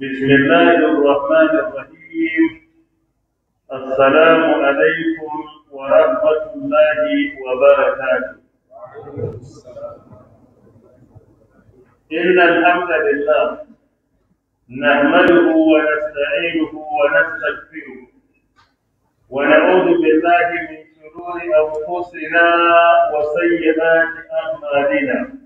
بسم الله الرحمن الرحيم السلام عليكم ورحمة الله وبركاته إن الحمد لله نحمده ونستعينه ونستغفره ونعوذ بالله من شرور أنفسنا وسيئات أعمالنا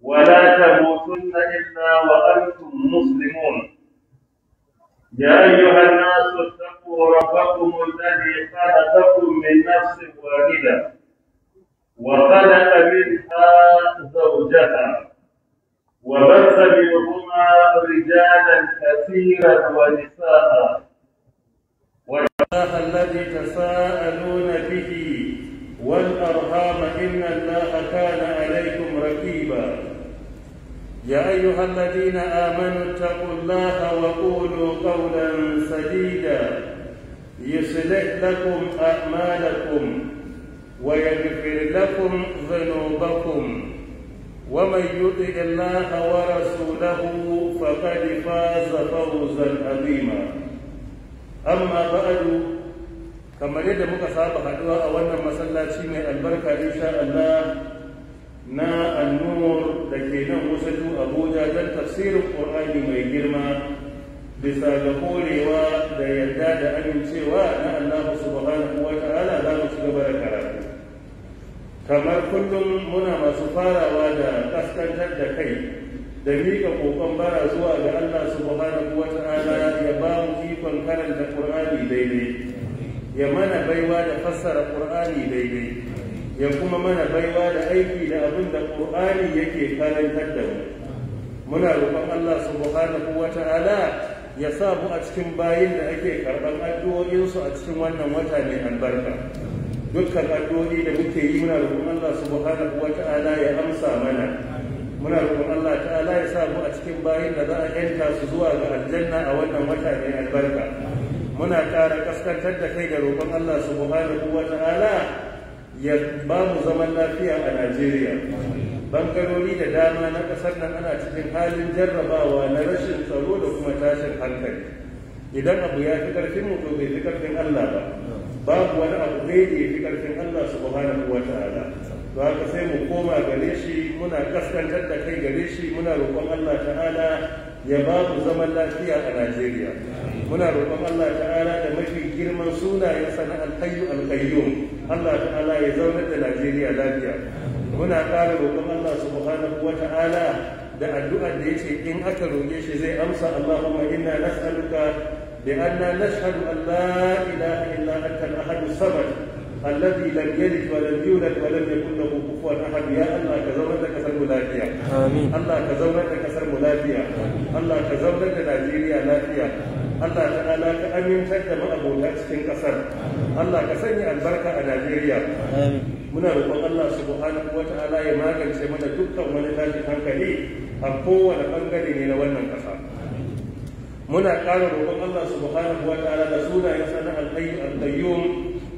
ولا تموتن إلا وأنتم مسلمون يا أيها الناس اتقوا ربكم الذي خلقكم من نفس واحدة وخلق منها زوجها وبث منهما رجالا كثيرا ونساء والله الذي تساءلون به والأرهام إن الله كان عليكم رقيبا يا أيها الذين آمنوا اتقوا الله وقولوا قولا سديدا يصلح لكم أعمالكم ويغفر لكم ذنوبكم ومن يطع الله ورسوله فقد فاز فوزا عظيما أما بعد كما يدمك صاحب حدوى أولا مسلاتي من البركة إن شاء الله na annur da ke nan wasatu abuja don tafsirin ƙur'ani mai girma bisa ga korewa da yarda da amincewa na allahu subhanahu wa ta'ala za mu ci gaba da karatu kamar kullum muna masu farawa da kaskantar da kai da miƙa ƙoƙon bara zuwa ga allah subhanahu wa ta'ala ya ba mu ikon karanta ƙur'ani daidai ya mana baiwa da fassara ƙur'ani daidai ya kuma mana baiwa da aiki da abin da ƙur'ani yake karantar da mu muna roƙon Allah subhanahu wa ta'ala ya sa mu a cikin bayin da ake karɓar addu'o'insu a cikin wannan wata mai albarka dukkan addu'o'i da muke yi muna roƙon Allah subhanahu wa ta'ala ya amsa mana muna roƙon Allah ta'ala ya sa mu a cikin bayin da za a yanta su zuwa ga aljanna a wannan wata mai albarka muna ƙara kaskantar da kai da roƙon Allah subhanahu wa ta'ala ya ba mu zaman lafiya a Najeriya bangarori da dama na ƙasar nan ana cikin halin jarrabawa na rashin tsaro da kuma tashin hankali idan abu ya fi ƙarfin to bai fi ƙarfin Allah ba babu wani abu ne da ya fi ƙarfin Allah subhanahu wa ta'ala to haka sai mu koma gare shi muna kaskantar da kai gare shi muna roƙon Allah ta'ala ya ba mu zaman lafiya a Najeriya muna roƙon Allah ta'ala da mafi girman sunayensa na alhayu alqayyum Allah ya zaunar da Najeriya lafiya muna ƙara roƙon Allah subhanahu wa ta'ala da addu'ar da ya ce in aka roƙe shi zai amsa Allahumma inna nas'aluka bi anna nashhadu an la ilaha illa anta al-ahad as-samad alladhi lam yalid wa lam yulad wa lam yakul lahu kufuwan ahad ya Allah ka zaunar da kasar lafiya Allah ka zaunar da kasar lafiya Allah ka zaunar da Najeriya lafiya Allah ta'ala ka amintar da ma'abota cikin ƙasar Allah ka sanya albarka a Najeriya muna roƙon Allah subhanahu wa ta'ala ya magance mana dukkan wani tashin hankali a kowane bangare ne na wannan ƙasa muna ƙara roƙon Allah subhanahu wa ta'ala da sunayen sana alhayyu alqayyum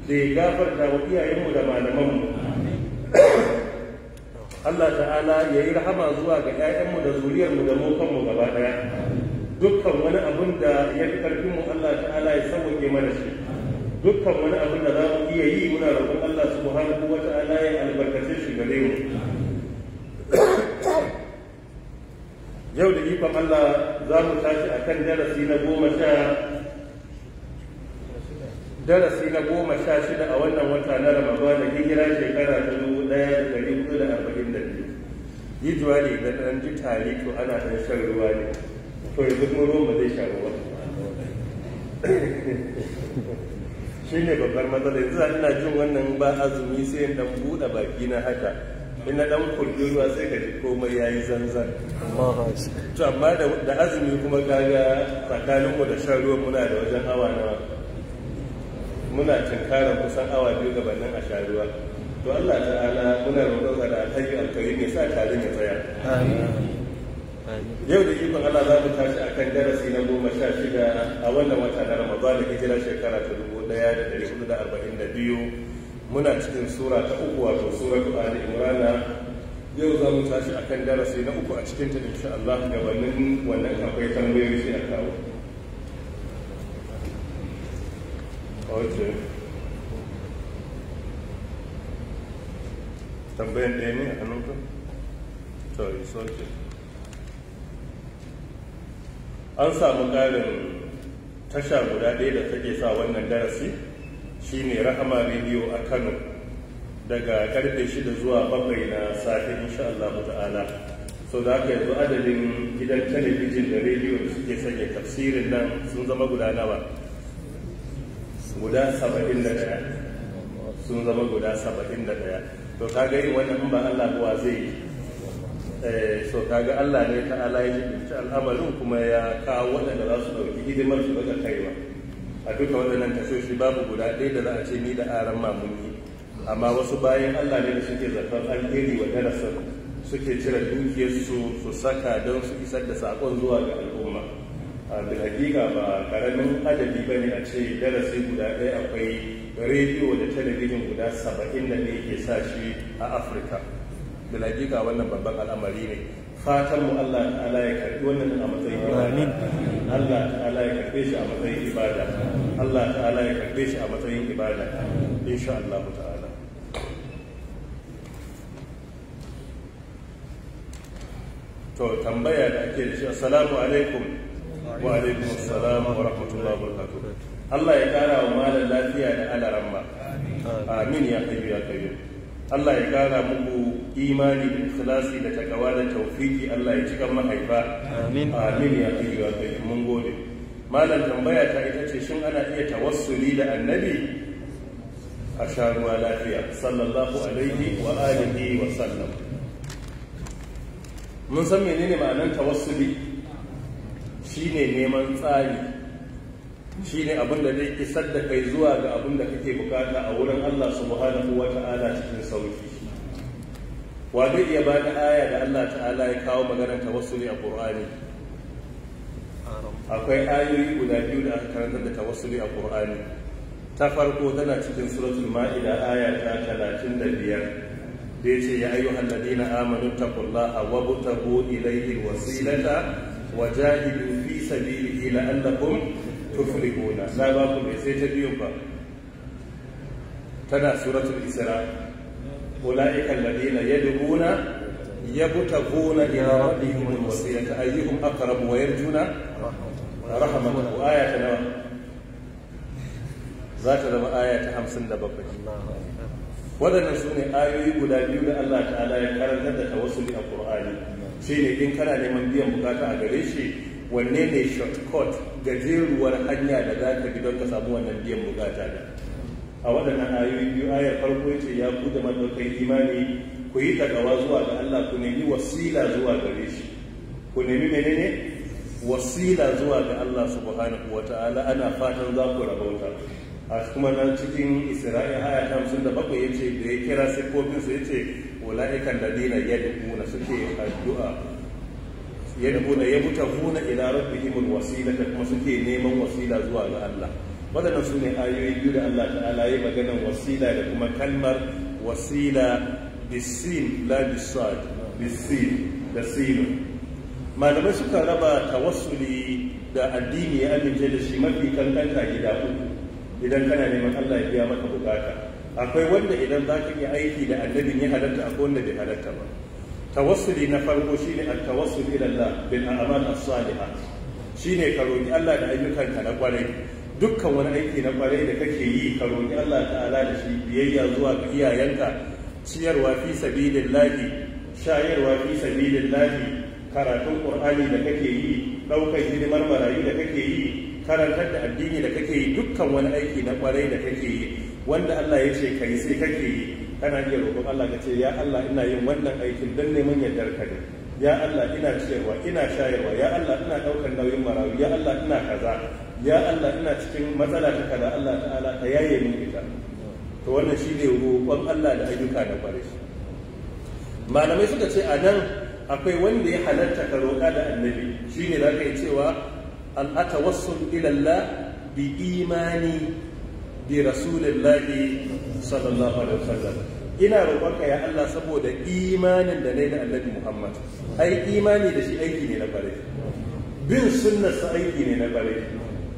da ya gafarta wa iyayenmu da malamanmu Allah ta'ala ya yi rahama zuwa ga 'ya'yanmu da zuriyarmu da mu gaba ɗaya dukkan wani abin da ya fi karfin mu Allah ta'ala ya sauke mana shi dukkan wani abin da za mu iya yi muna roƙon Allah subhanahu wa ta'ala ya albarkace shi gare mu yau da ikon Allah za mu tashi kan darasi na goma sha darasi na goma sha shida a wannan wata na ramadana hijira shekara ta dubu ɗaya da ɗari hudu da arba'in da biyu yi juwa ne da ɗan ji tare to ana ɗan shan ruwa ne to ruwan ba zai sha ruwa ne babbar matsalar? yanzu ina jin wannan ba azumi sai in dan buɗe baki na haka Ina na dan ruwa sai ka ji komai yayi zanzan to amma da azumi kuma kaga tsakanin mu da shan ruwan muna da wajen awa nawa muna tunkarar kusan awa biyu gabanin a sha ruwa to Allah ta'ala muna roƙon da alhaji alkarim ya sa tarin ya tsaya yau da ikon Allah za mu tashi a kan darasi na goma sha shida a wannan wata na Ramadan da hijira shekara ta dubu ɗaya da ɗari hudu da arba'in da biyu muna cikin sura ta uku wato sura Ali Imrana yau za mu tashi a kan darasi na uku a cikin ta insha Allah gabanin wannan akwai tambayoyi sai a kawo. Tambayan ɗaya ne a hannunka? To, it's an samu ƙarin tasha guda ɗaya da take sa wannan darasi ne rahama rediyo a kano daga karfe shida zuwa bakwai na safe insha Allah ta'ala so da aka yanzu adadin gidan talabijin da rediyo da suke sanya tafsirin nan sun zama guda nawa guda saba'in da ɗaya sun zama guda saba'in da ɗaya to kaga wannan ba Allah kuwa zai yi Eh, so kaga Allah ne ta ala ya ta al'amarin kuma ya kawo waɗanda za su ɗauki hidimar su daga kaiwa a duka waɗannan tashoshi babu guda ɗaya da za a ce ni da aran mamuni amma wasu bayan Allah ne da suke zartar alheri wa darasin suke cire dukiyarsu su saka don su isar da sakon zuwa ga al'umma a hakika ba karamin adadi ba ne a ce darasi guda ɗaya akwai rediyo da talabijin guda saba'in da ne ke sa shi a afirka bil hakika wannan babban al'amari ne fatan mu Allah ta'ala ya karbi wannan a matsayin ibada Allah ta'ala ya karbe shi a matsayin ibada Allah ta'ala ya karbe shi a matsayin ibada insha Allah ta'ala to tambaya da ake da shi assalamu alaikum wa alaikum assalam wa rahmatullahi wa barakatuh Allah ya kara wa malam lafiya da alaramma amin ya kayyu ya kayyu Allah ya ƙara muku imani da ikhlasi da takawa da tawfiki Allah ya cika mahaifa amin amin ya ayyu wa kai mun gode malam tambaya ta ita ce shin ana iya tawassuli da annabi a sharuwa lafiya sallallahu alaihi wa alihi wa sallam mun san menene ma'anar tawassuli shine neman tsari shine abin da zai isar da kai zuwa ga abin da kake bukata a wurin Allah subhanahu wa ta'ala cikin sauki wa zai iya ba da aya da Allah ta'ala ya kawo maganar tawassuli a Qur'ani akwai ayoyi guda biyu da aka karanta da ta tawassuli a Qur'ani ta farko tana cikin suratul ma'ida aya ta 35 da yace ya ayyuhal ladina amanu taqullaha wa butaqu ilayhi wasilata wa jahidu fi sabilihi la'allakum kufri gona na ba ku sai ta biyun ba tana suratul isra ulaika alladhina yad'una yabtaguna ila rabbihim alwasilata ayyuhum aqrabu wa yarjuna rahmatahu ayata nawa za ta zama aya ta hamsin da bakwai waɗannan su ne ayoyi guda biyu da Allah ta'ala ya karantar da tawassuli a Qur'ani ne in kana neman biyan bukata a gare shi wanne ne shortcut gajeruwar hanya da za ka bi don ka samu wannan biyan bukata da a waɗannan ayoyi biyu ayar farko ce ya buɗe madaukai imani ku yi takawa zuwa ga Allah ku nemi wasila zuwa gare shi ku nemi menene wasila zuwa ga Allah subhanahu wata'ala ana fatan za ku rabauta a kuma nan cikin isra'i haya ta hamsin da bakwai ya ce da ya kira su ya ce wala'ikan dina yadda suke addu'a yarbuna yabtaguna ila rabbihim wasila kuma suke neman wasila zuwa ga Allah wadannan sune ayoyi biyu da Allah ta'ala ya magana wasila da kuma kalmar wasila bisin la bisad bisin da sinu malamai suka raba wasuli da addini ya amince da shi mafi kankanta gida uku idan kana neman Allah ya biya maka bukata akwai wanda idan za ka yi aiki da annabin ya halatta akwai wanda bai halatta ba tawassuli na farko shine at-tawassul ila Allah bil a'mal as-salihah shine ka roki Allah da ayyukanka na kwarai dukkan wani aiki na kwarai da kake yi ka roki Allah ta'ala da shi biyayya zuwa ga iyayenka ciyarwa fi sabilillahi shayarwa fi sabilillahi karatun qur'ani da kake yi daukar hidimar marayu da kake yi karantar da addini da kake yi dukkan wani aiki na kwarai da kake yi wanda Allah ya ce kai sai kake yi kana iya roƙon Allah ka ce ya Allah ina yin wannan aikin don neman yardar ka ne ya Allah ina ciyarwa ina shayarwa ya Allah ina ɗaukar nauyin marawi ya Allah ina kaza ya Allah ina cikin matsala ta kaza Allah ta'ala ka yaye min ita to wannan shine roƙon Allah da ayyuka da shi malamai suka ce a nan akwai wanda ya halarta ka roƙa da annabi shine za ka yi cewa ila Allah bi imani bi rasulillahi sallallahu alaihi wasallam ina roƙonka ya Allah saboda imanin da na yi da annabi Muhammad ai imani da shi aiki ne na bare. bin sa aiki ne na bare.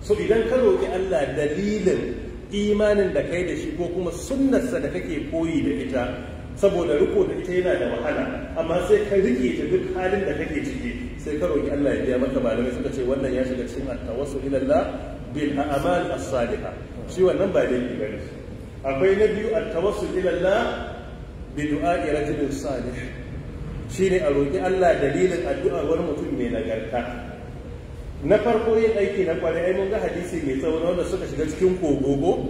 so idan ka roƙi Allah dalilin imanin da kai da shi ko kuma sunnarsa da kake koyi da ita saboda riko da ita yana da wahala amma sai ka rike ta duk halin da kake ciki sai ka roƙi Allah ya biya maka malamai suka ce wannan ya shiga cikin at-tawassul ila Allah bil a'mal as-salihah shi wannan ba dai bane akwai na biyu at-tawassul ila bi du'a'i rajulin salih shine a roƙi Allah dalilin addu'ar wani mutum mai nagarta na farko yin aiki na kwarai ai mun ga hadisi mai tsawo wanda suka shiga cikin kogogo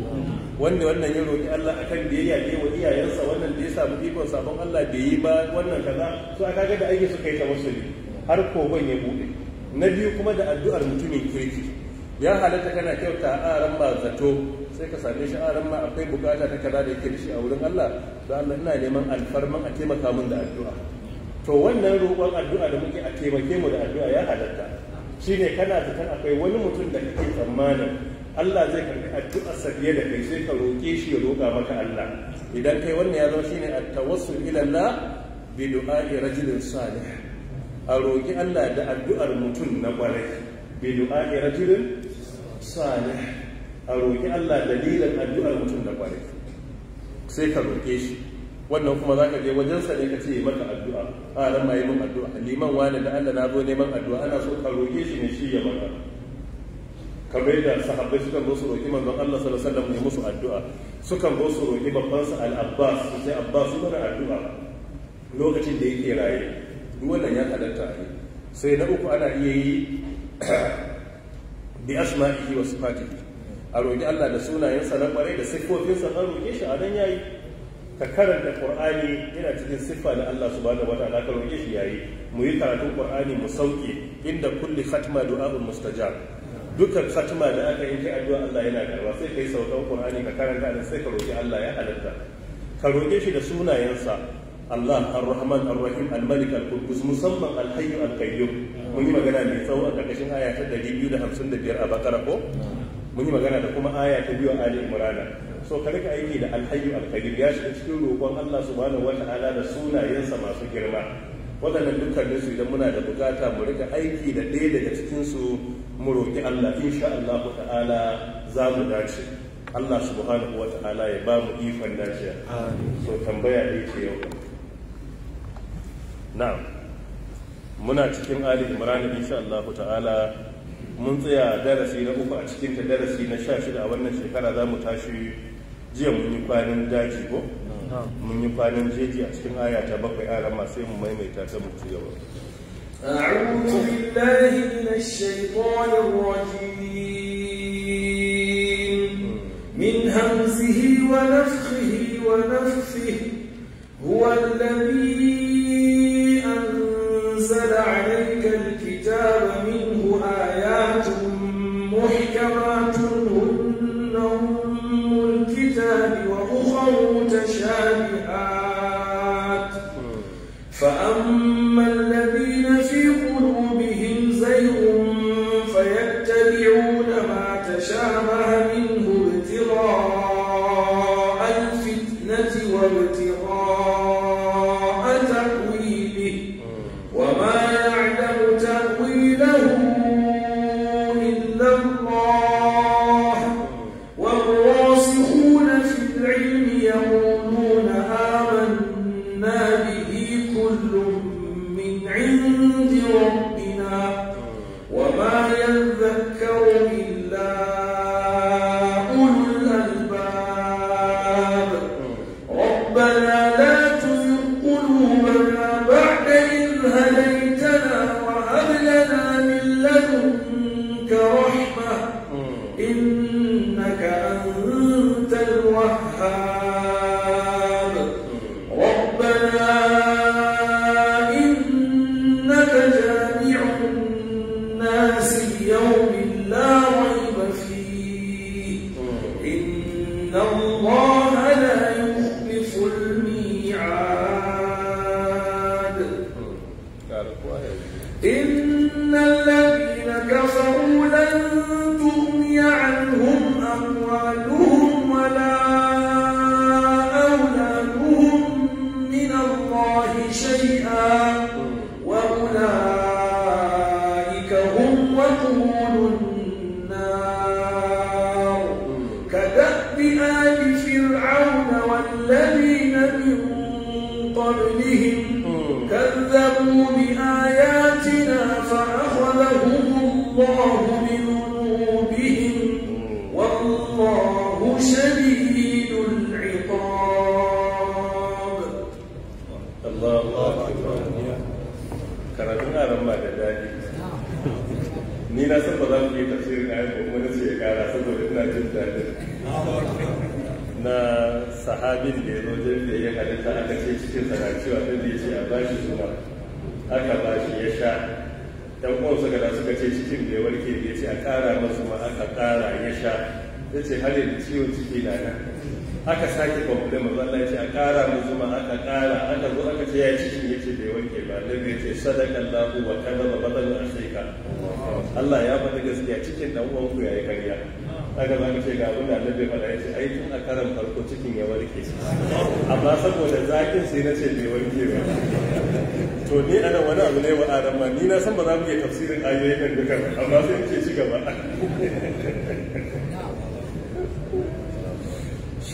wanda wannan ya roki Allah akan biyayya ne wa iyayensa wannan da ya samu ikon sabon Allah bai yi ba wannan kaza to aka ga da aiki suka yi ta musulmi har kogon ya bude na biyu kuma da addu'ar mutumin kirki ya halatta kana kyauta a aran zato sai ka same shi aran ma akwai bukata ta kaza da yake da shi a wurin Allah don Allah ina neman alfarman a taimaka min da addu'a to wannan roƙon addu'a da muke a taimake mu da addu'a ya halatta shine kana zaton akwai wani mutum da kake tsammanin Allah zai karɓi addu'ar sa fiye da kai sai ka roƙe shi ya roƙa maka Allah idan kai wannan ya zama shine at-tawassul ila Allah bi du'a'i rajulin salih a roƙi Allah da addu'ar mutum na ƙwarai bi du'a'i rajulin salih a roƙi Allah dalilan addu'ar mutum da kwarai sai ka roƙe shi wannan kuma za ka je wajensa ne ka ce maka addu'a a ran ma yi min addu'a liman wani da Allah na zo neman addu'a ana so ka roƙe shi ne shi ya maka kamar da sahabbai suka zo su roƙi manzon Allah sallallahu alaihi wasallam ya musu addu'a suka zo su roƙi babban sa al-Abbas su ce Abbas su mana addu'a lokacin da yake raye duk wannan ya halatta ne sai na uku ana iya yi bi asma'ihi wa sifatihi a roƙi Allah da sunayensa na ƙwarai da siffofinsa an roƙe shi a nan yayi ka karanta Qur'ani yana cikin siffa da Allah subhanahu wa ta'ala ka roke shi yayi mu yi karatun Qur'ani mu sauke inda kulli khatma du'a'un mustajab dukkan khatma da aka yi addu'a Allah yana karba sai kai saukan Qur'ani ka karanta da sai ka roƙi Allah ya halatta ka roke shi da sunayensa Allah Ar-Rahman Ar-Rahim Al-Malik Al-Qudus musamman Al-Hayy Al-Qayyum mun yi magana mai tsawo a karkashin aya ta 255 a Bakara ko mun yi magana da kuma aya ta biyu a Ali Imran so ka aiki da Al-Hayy Al-Qayyum ya shiga cikin roƙon Allah subhanahu wata'ala da sunayensa masu girma waɗannan da su idan muna da bukata mu rika aiki da ɗaya daga cikin su mu roƙi Allah insha Allah ta'ala za mu dace Allah subhanahu wata'ala ya ba mu ifan dace so tambaya ɗaya ce yau na'am muna cikin ali imran insha Allah ta'ala mun tsaya darasi na uku a cikin ta darasi na 16 a wannan shekara za mu tashi jiya mun yi kwanan daji ko mun yi kwanan jeji a cikin aya ta bakwai a sai mu maimaita ta mu ci gaba أعوذ بالله من الشيطان الرجيم من همزه ونفخه ونفثه هو الذي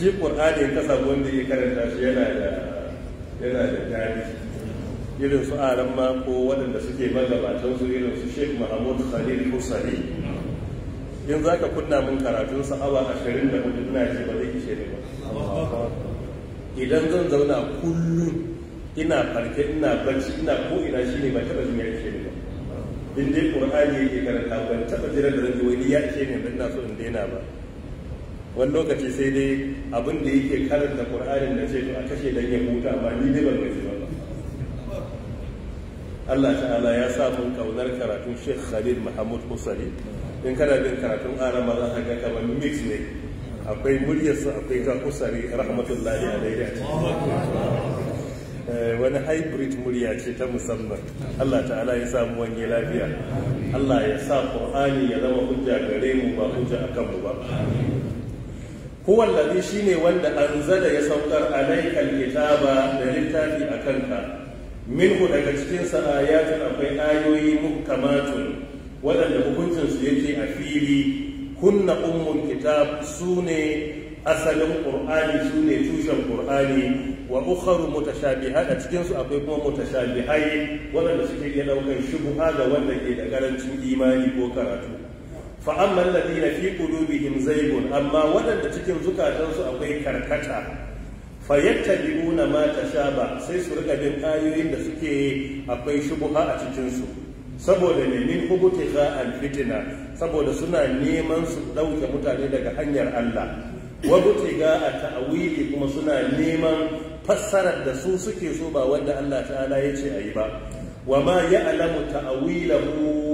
shi ƙur'ani ta samu wanda ya karanta shi yana da yana da daɗi irin su aran mako waɗanda suke magabatan su irin su sheik mahamud khalil husari in za ka kunna mun karatun sa awa ashirin da mutum ina ce ba zai ishe ni ba idan zan zauna kullum ina farke ina barci ina ko ina shi ne ba taɓa jin ya ishe ni ba in dai ƙur'ani yake karanta ban taɓa jiran da zan ji wani ya ishe ne ba ina so in daina ba wani lokaci sai dai abin da yake karanta qur'anin na ce to a kashe dan ya huta ba ni dai ban gaji ba Allah ta'ala ya sa mun kaunar karatun Sheikh Khalil Muhammad Usari in kana bin karatun arama za ka ga kamar mix ne akwai muryarsa akwai ta Usari rahmatullahi alaihi eh, wani hybrid murya ce ta musamman Allah ta'ala ya samu wani lafiya Allah ya sa Qur'ani ya zama hujja gare mu ba hujja akan mu ba huwa allazi shine wanda anzala ya saukar alaikal kitaba da littafi akanka minhu daga cikin sa ayatun akwai ayoyi muhkamatun waɗanda hukuncin su yake a fili kunna ummul kitab sune asalin qur'ani sune tushen qur'ani wa ukharu mutashabihat a cikin su akwai kuma mutashabihai waɗanda suke iya ɗaukar shubuha ga wanda ke da karancin imani ko karatu fa amma na fi qulubihim zaygun amma waɗanda cikin zukatansu akwai karkata fa yattabi'una ma tashaba sai su riga bin ayoyin da suke akwai shubuha a cikinsu. saboda ne min a fitina saboda suna neman su ɗauke mutane daga hanyar Allah wa a ta'awili kuma suna neman fassarar da su suke so ba wanda Allah ta'ala ya ce a yi ba wa ma alamu ta'awila mu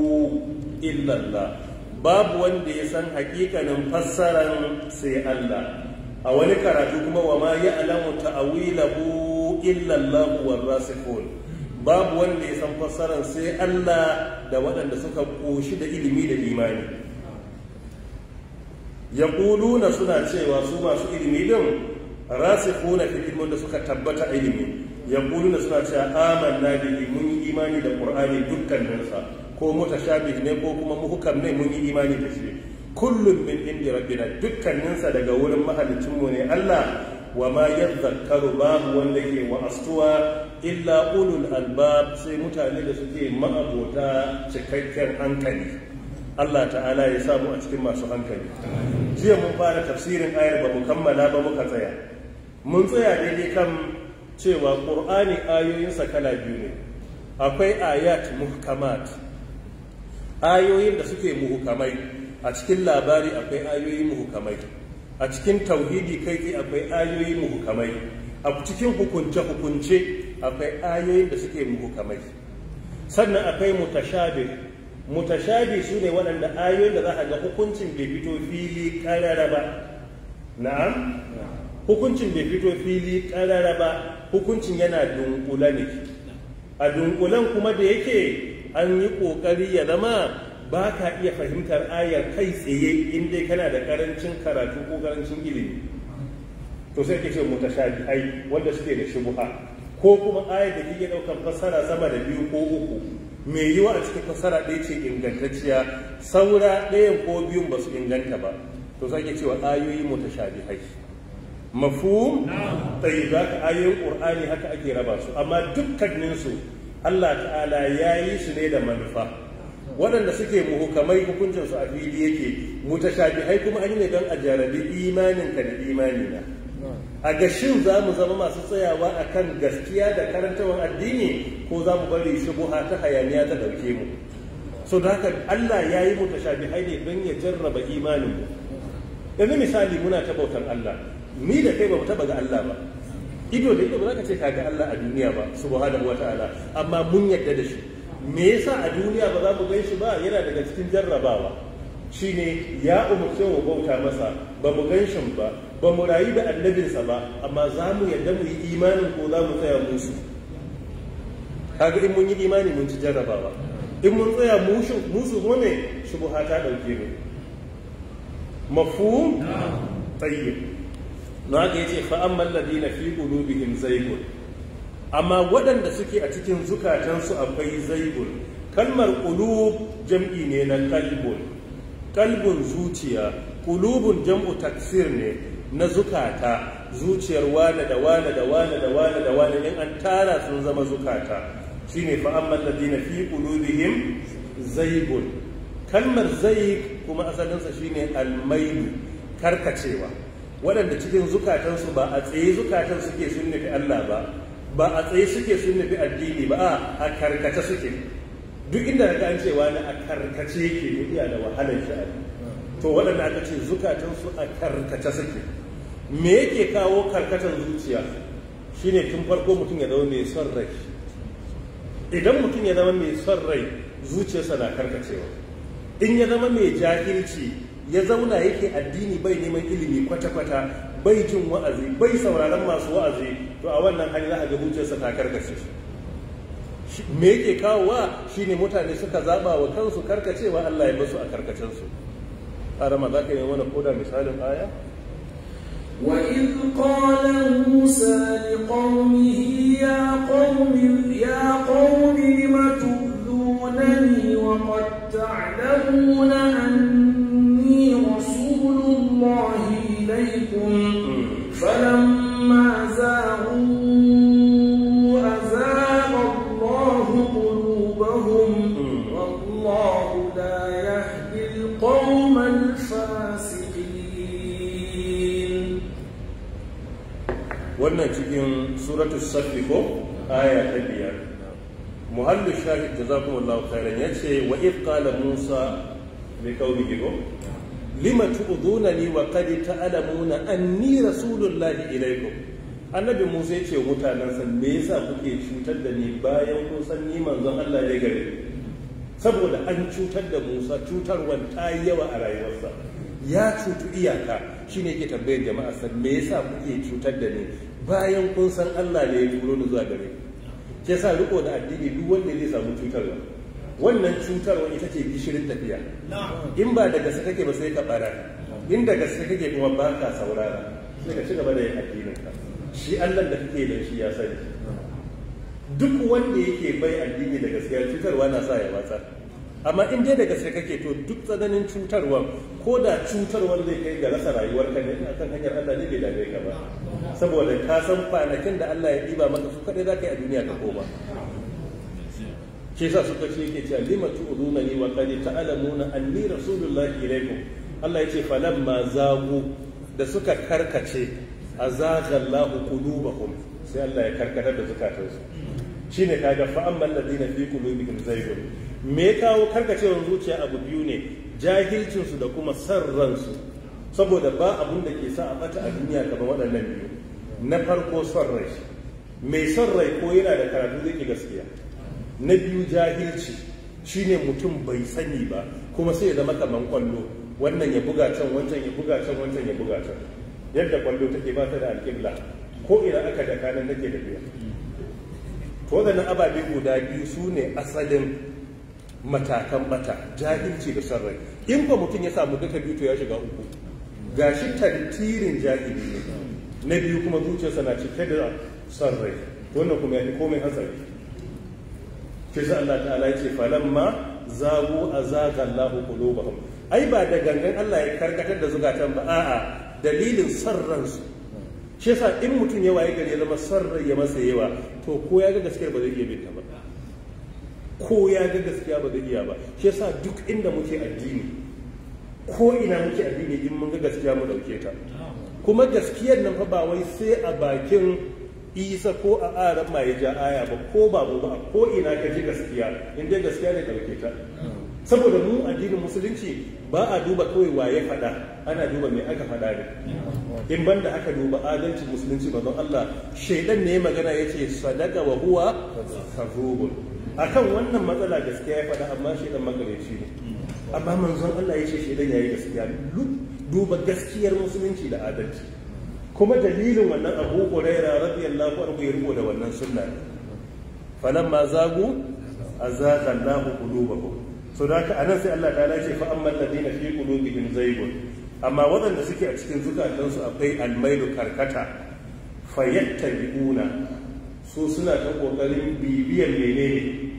Allah babu wanda ya san hakikanin fassaran sai Allah a wani karatu kuma wa ma alamu ta'wilahu illa Allah war rasikhun babu wanda ya san fassaran sai Allah da waɗanda suka koshi da ilimi da imani yaquluna suna cewa su masu ilimi din rasikhuna fi ilmin da suka tabbata ilimi yaquluna suna cewa amanna da mun imani da qur'ani dukkan ko mutashabih ne ko kuma muhukam ne mun yi imani da shi kullum min indi rabbina dukkaninsa daga wurin mu ne Allah wa ma yadhakkaru babu wanda ke wa'astuwa illa ulul albab sai mutane da suke ma'abota cikakken hankali Allah ta'ala ya sa mu a cikin masu hankali jiya mun fara tafsirin ayar ba mu kammala ba muka tsaya mun tsaya daidai kan cewa ƙur'ani ayoyinsa kala biyu ne akwai ayat muhkamat ayoyin da suke muhukamai a cikin labari akwai ayoyi muhukamai a cikin tauhidi kai tsaye akwai ayoyi muhukamai a cikin hukunce hukunce akwai ayoyin da suke muhukamai sannan akwai mutashabi mutashabi su ne waɗanda ayoyin da za a ga hukuncin bai fito fili ƙararraba. ba na'am hukuncin bai fito fili ƙararraba ba hukuncin yana dunkula ne a dunkulan kuma da yake an yi ƙoƙari ya zama ba ka iya fahimtar ayar kai tsaye in dai kana da ƙarancin karatu ko ƙarancin ilimi to sai ake ce ai wanda suke da shubuha ko kuma ayar da kike ɗaukar fasara sama da biyu ko uku mai yiwa a cikin fasara ɗaya ce ingantacciya saura ɗaya ko biyun ba su inganta ba to sai ake cewa ayoyi Mafu, mutashabihai za ka ayoyin ƙur'ani haka ake raba su amma dukkaninsu Allah ta'ala ya yi su ne da manufa waɗanda suke muhukamai hukuncinsu a fili yake mutashafi-hai kuma an yi ne don a jarabi imaninka da imanina a gashin za mu zama masu tsayawa a kan gaskiya da karantawan addini ko za mu bari buha ta hayaniya ta ɗauke mu so da haka Allah ya yi hai ne don ya jarraba mu yanzu misali muna ta Allah ni da kai ba mu taɓa ga Allah ba ido da ido ba za ka ce ka ga Allah a duniya ba subhanahu wataala amma mun yadda da shi me yasa a duniya ba za mu gan ba yana daga cikin jarrabawa shine ya umarce wa bauta masa ba mu gan ba ba mu rayu da annabinsa ba amma za mu yadda mu yi imanin ko za mu tsaya musu kaga in mun yi imani mun ci jarrabawa in mun tsaya musu ne su shubuha ta ɗauke mu Mafu tayyib Na haka yace fa ammal ladina fi qulubihim zaigun. amma waɗanda suke a cikin zukatansu akwai zaigun. kalmar qulub jam'i ne na qalbun qalbun zuciya qulubun jam'u taksir ne na zukata zuciyar wane da wane da wane da wane da wane in an tara sun zama zukata shine fa ammal ladina fi qulubihim zaigun. kalmar zayg kuma asalinsa shine almailu karkacewa waɗanda cikin zukatansu ba a tsaye zukatan suke sun nufi Allah ba ba a tsaye suke sun nufi addini ba a a karkace suke duk inda ka an cewa na a karkace yake ne iya da wahalar sha'ani to waɗanda aka ce zukatansu a karkace suke me yake kawo karkatar zuciya shine tun farko mutum ya zama mai son rai idan mutum ya zama mai son rai zuciyarsa na karkacewa in ya zama mai jahilci ya zauna yake addini bai neman ilimi kwata-kwata bai jin wa'azi bai sauraron masu wa'azi to a wannan hali za a ga zuciyarsa ta karkace me yake kawowa shine mutane suka zaba wa kansu karkacewa Allah ya su a karkacen su arama zaka yi mana koda misalin aya qala musa li لقومه ya قوم ya قوم لم تؤذونني وقد تعلمون أن suratul safi ko aya ta biyar muhallu shahid jazakumullahu khairan yace wa id qala musa bi qaumihi ko lima ni wa qad ta'lamuna anni rasulullahi ilaykum annabi musa ya yace san me yasa kuke cutar da ni bayan kun san ni manzon Allah ya gare saboda an cutar da musa cutarwar ta yawa a rayuwarsa ya cutu iyaka shine ke tambayar jama'a san me yasa kuke cutar da ni bayan kun san Allah ne ya turo ni zuwa gare ke sa riko da addini duk wanda zai samu cutarwa wannan cutarwa ita ce gishirin tafiya in ba da gaske kake ba sai ka bara in da gaske kake kuma ba ka saurara sai ka ci gaba da yin addinin ka shi Allah da kake da shi ya sani duk wanda yake bai addini da gaskiya cutarwa na sa ya watsar amma in dai da gaske kake to duk tsananin cutarwa ko da cutarwar zai kai ga rasa rayuwar ka ne kan hanyar Allah ne bai dame ka ba saboda ka san kwanakin da Allah ya ɗiba maka su kaɗai za ka yi a duniya ka koma ke sa suka ce yake cewa lima tu'uduna ni wa qad ta'lamuna anni rasulullahi ilaykum Allah falan falamma zagu da suka karkace azaga Allah qulubahum sai Allah ya karkatar da zukatansu shine kaga fa amman ladina fi qulubihim zaygun me ya kawo karkacewar zuciya abu biyu ne jahilcinsu da kuma san ransu saboda ba abun da ke sa a bata a duniya kaba waɗannan biyu na farko son rai mai son rai ko yana da karatu zai gaskiya na biyu jahilci shine mutum bai sani ba kuma sai ya zama kaman kwallo wannan ya buga can wancan ya buga can wancan ya buga can yadda kwallo take ba ta da alƙibla ko ina aka da kanan nake da biya to da ababe guda biyu su ne asalin matakan bata jahilci da son rai in ba mutum ya samu duka biyu to ya shiga uku gashi tantirin jahili ne na biyu kuma zuciyarsa na cike da son rai wannan kuma ya fi komai hatsari ke sa Allah ta'ala ce falamma zagu azaga Allahu qulubahum ai ba da gangan Allah ya karkatar da zugatan ba a'a dalilin son ransu Ke sa in mutum ya waye gari ya zama son rai ya masa yawa to ko ya ga gaskiyar ba zai iya bin ta ba ko ya ga gaskiya ba zai iya ba shi yasa duk inda muke addini ko ina muke addini in mun ga gaskiya mu dauke ta kuma gaskiyar nan fa ba wai sai a bakin isa ko a aran mai ya ja aya ba ko ba mu ba ko ina ka ji gaskiya in dai gaskiya ne dauke ta saboda mu addinin musulunci ba a duba kawai waye faɗa ana duba mai aka fada ne in banda aka duba adalci musulunci ba don Allah shaidan ne magana yace sadaka wa huwa kadhubun akan wannan matsala gaskiya ya faɗa amma shi shaidan makareci ne amma manzon Allah ya ce shaidan yayi gaskiya duba gaskiyar musulunci da adalci kuma dalilin wannan Abu Hurairah radiyallahu anhu ya riko da wannan sunna ne falamma zagu azaqa Allahu qulubahum so da haka anan sai Allah ta'ala ce fa amman ladina fi qulubihim zaygun amma waɗanda suke a cikin zukatansu akwai almailu karkata fayattabi'una su suna ta kokarin bibiyan menene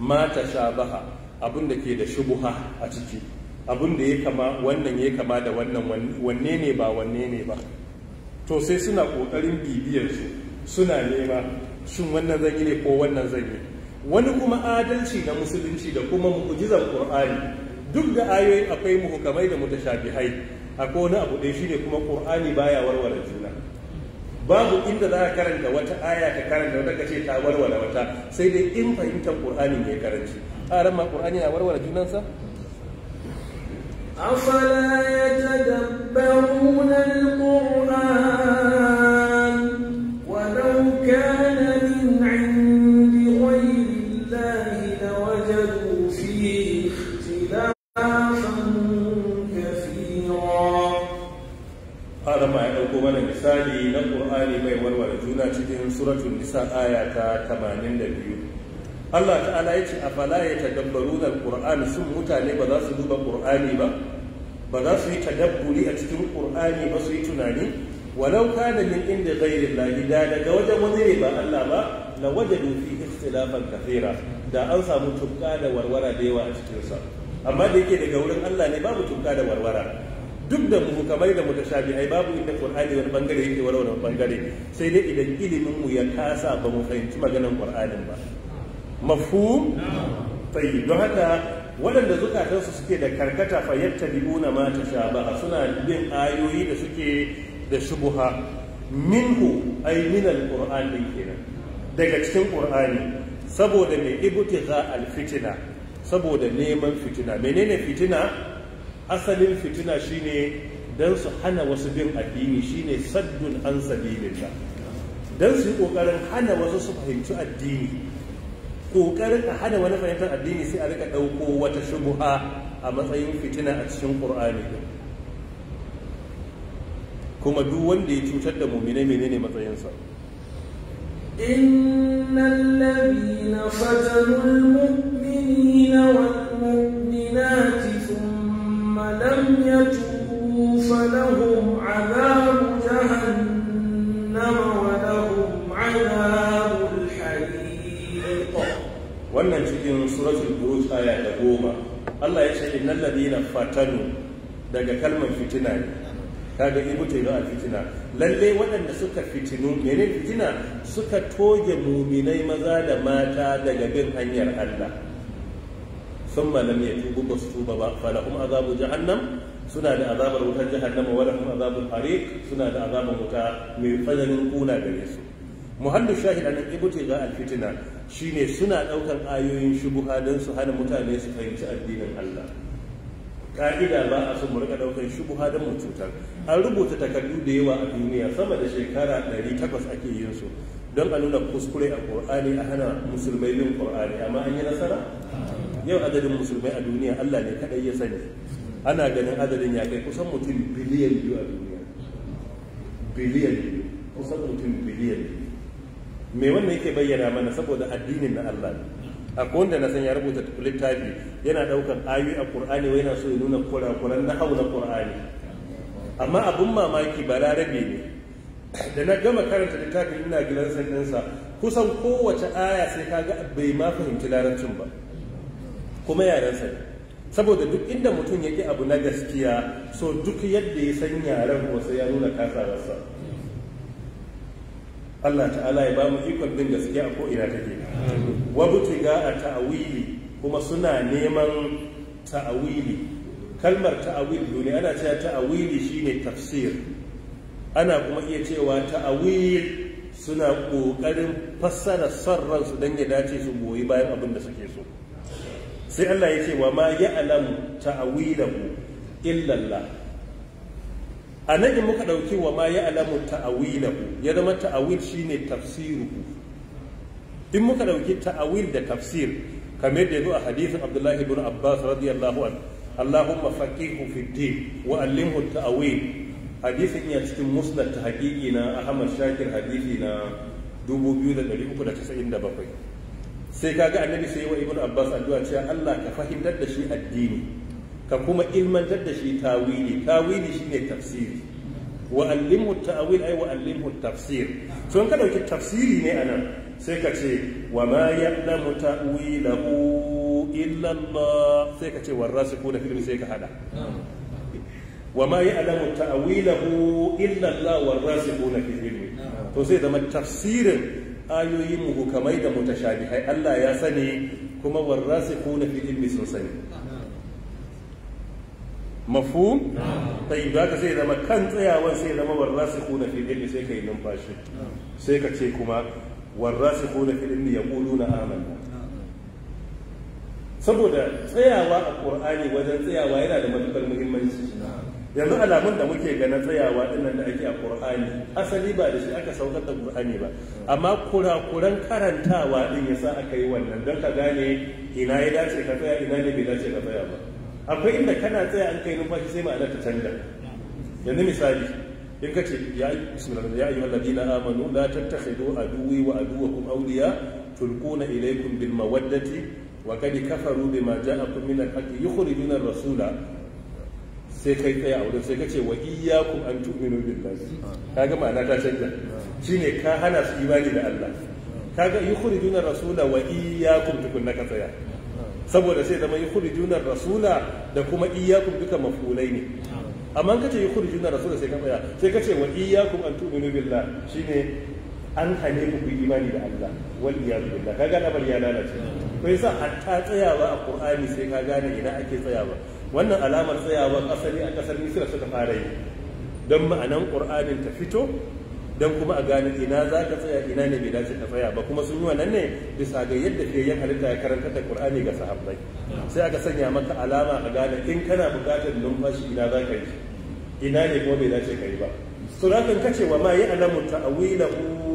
mata shabaha abin da ke da shubuha a ciki abin da ya kama wannan ya kama da wannan wanne ne ba wanne ne ba to sai suna ƙoƙarin bibiyar su suna nema shin wannan zan yi ne ko wannan zan yi wani kuma adalci na musulunci da kuma mu'jizar qur'ani duk da ayoyi akwai muhukamai da mutashabihai akwai wani abu ɗaya shine kuma qur'ani baya warware juna babu inda za ka karanta wata aya ka karanta wata ka ce ta warware wata sai dai in fahimtar qur'anin ya karanci a ran ma qur'ani ya warware junansa afala yatadabbaruna alqur'an misali na ƙur'ani mai warware juna cikin suratun nisa aya ta biyu. Allah ta'ala ya ce a falaye ya tadabbaru da ƙur'an sun mutane ba za su duba ƙur'ani ba ba za su yi tadabburi a cikin ƙur'ani ba su yi tunani walau da min inda ghairi lahi da daga wajen wani ne ba Allah ba la wajadu fi ikhtilafan kathira da an samu tukka da warwara da yawa a cikin amma da yake daga wurin Allah ne babu tukka da warwara duk da mu kamar da mutashabihai babu inda qur'ani wani bangare yake wani wani bangare sai dai idan ilimin mu ya kasa ba mu fahimci maganar qur'anin ba mafhum tayyib don haka waɗanda zukatansu suke da karkata fa yattabi'una ma tashabaha suna bin ayoyi da suke da shubuha minhu ay min alquran din kenan daga cikin qur'ani saboda mai ibtiza alfitina saboda neman fitina menene fitina asalin fitina shine don su hana wasu bin addini shine saddun an sabilillah don su yi kokarin hana wasu su fahimci addini kokarin a hana wani fahimtar addini sai a rika ɗauko wata shubuha a matsayin fitina a cikin qur'ani kuma duk wanda ya cutar da mumine menene matsayinsa إن الذين فتنوا المؤمنين والمؤمنات لم يتوبوا فلهم عذاب جهنم ولهم عذاب الحريق wannan cikin suratul buruj aya da goma Allah ya ce innal ladina fatanu daga kalmar fitina ne kaga ibu ta a fitina lalle waɗanda suka fitinu menene fitina suka toge muminai maza da mata daga bin hanyar Allah thumma lam yatubu basu tuba ba falahum azabu jahannam suna da azabar wutar jahannama wa lahum azabul hariq suna da azabar wuta mai tsananin kuna gare su muhallu shahid an ibuti ga alfitina shine suna ɗaukar ayoyin shubuha dan su hana mutane su fahimci addinin Allah ka'ida ba a so mu rika daukar shubuha dan mu cutar an rubuta takardu da yawa a duniya sama da shekara 800 ake yin su don a nuna kuskure a qur'ani a hana musulmai bin qur'ani amma an yi nasara yau adadin musulmai a duniya Allah ne kadai ya sani ana ganin adadin ya kai kusan mutum biliyan biyu a duniya biliyan biyu kusan mutum biliyan biyu me wannan yake bayyana mana saboda addinin na Allah ne akwai wanda na san ya rubuta littafi yana daukan ayoyi a Qur'ani wai yana so ya nuna kurakuran na hau na Qur'ani amma abin mamaki ba larabe ne da na gama karanta littafin ina gilansan ɗinsa kusan kowace aya sai ka kaga bai ma fahimci larabcin ba kuma yarensa ne saboda duk inda mutum yake abu na gaskiya so duk yadda ya san yaren wasu ya nuna kasawarsa Allah ta'ala ya ba mu ikon bin gaskiya a ko'ina take wabtiga a ta'awili kuma suna neman ta'awili kalmar ta'awil ne ana cewa ta'awili shine tafsir ana kuma iya cewa ta'awil suna ƙoƙarin fassara son ransu don ya dace su goyi bayan abin da suke so sai Allah ya ce wa ma ya'lamu ta'awilahu illa a nan in muka ɗauki wa ma ya alamu ta'awilahu ya zama ta'awil shine tafsiruhu in muka ɗauki ta'awil da tafsir kame da yazo a hadisin Abdullahi ibn Abbas radiyallahu anhu Allahumma faqihu fi din wa allimhu ta'awil hadisin iya cikin musnad ta haƙiƙi na Ahmad Shakir hadisi na 2397 sai kaga annabi sai wa ibnu abbas addu'a cewa Allah ka fahimtar da shi addini ka kuma ilmantar da shi tawili tawili shine tafsiri wa allimhu ta'wil ay wa allimhu tafsir to in ka dauki tafsiri ne anan sai ka ce wa ma ya'lamu ta'wilahu illa Allah sai ka ce warasikuna fil sai ka hada wa ma ya'lamu ta'wilahu illa Allah warasikuna fil ilmi to sai zama tafsirin ayoyi muhukamai da mutashabihai Allah ya sani kuma warrasikhuna fi ilmi sun sani mafu tayi da ka sai zama kan tsayawan sai zama warrasikhuna fi ilmi sai kai numfashi sai ka ce kuma warrasikhuna ya ilmi na amanna saboda tsayawa a qur'ani wajen tsayawa yana da matuƙar muhimmanci yanzu alamun da muke ganin tsayawa dinnan da ake a qur'ani asali ba da shi aka saukar da qur'ani ba amma kurakuran karantawa din yasa aka yi wannan don ka gane ina ya dace ka tsaya ina ne bai dace ka tsaya ba akwai inda kana tsaya an kai numfashi sai ma'anar ta canja yanzu misali in ka ce ya bismillah ya ayyuhal ladina amanu la tattakhidu aduwi wa aduwakum awliya tulquna ilaykum bil mawaddati wa kad kafaru bima ja'akum min al-haqqi yukhrijuna ar-rasula sai kai tsaya a wurin sai ka ce wa iyyakum an tu'minu billahi kaga ma'ana ta canja shine ka hana su imani da Allah kaga yukhrijuna rasula wa iyyakum tukunna ka tsaya saboda sai zama yukhrijuna rasula da kuma iyyakum duka mafulai ne amma ka ce yukhrijuna rasula sai ka tsaya sai ka ce wa iyyakum an tu'minu billahi shine an hane ku ku imani da Allah wal iyyakum billahi kaga labar ya lalace ko yasa hatta tsayawa a Qur'ani sai ka gane ina ake tsayawa wannan alamar tsayawa asali a kasar misira suka fara yi don ma'anan ƙur'anin ta fito don kuma a gane ina za ka tsaya ina ne bai dace ka tsaya ba kuma sun yi wannan ne bisa ga yadda yin halitta ya karanta da qur'ani ga sahabbai sai aka sanya maka alama a gane in kana buƙatar numfashi ina za ka yi ina ne kuma bai dace ka yi ba so kace wa ma yi alamu ta'awilahu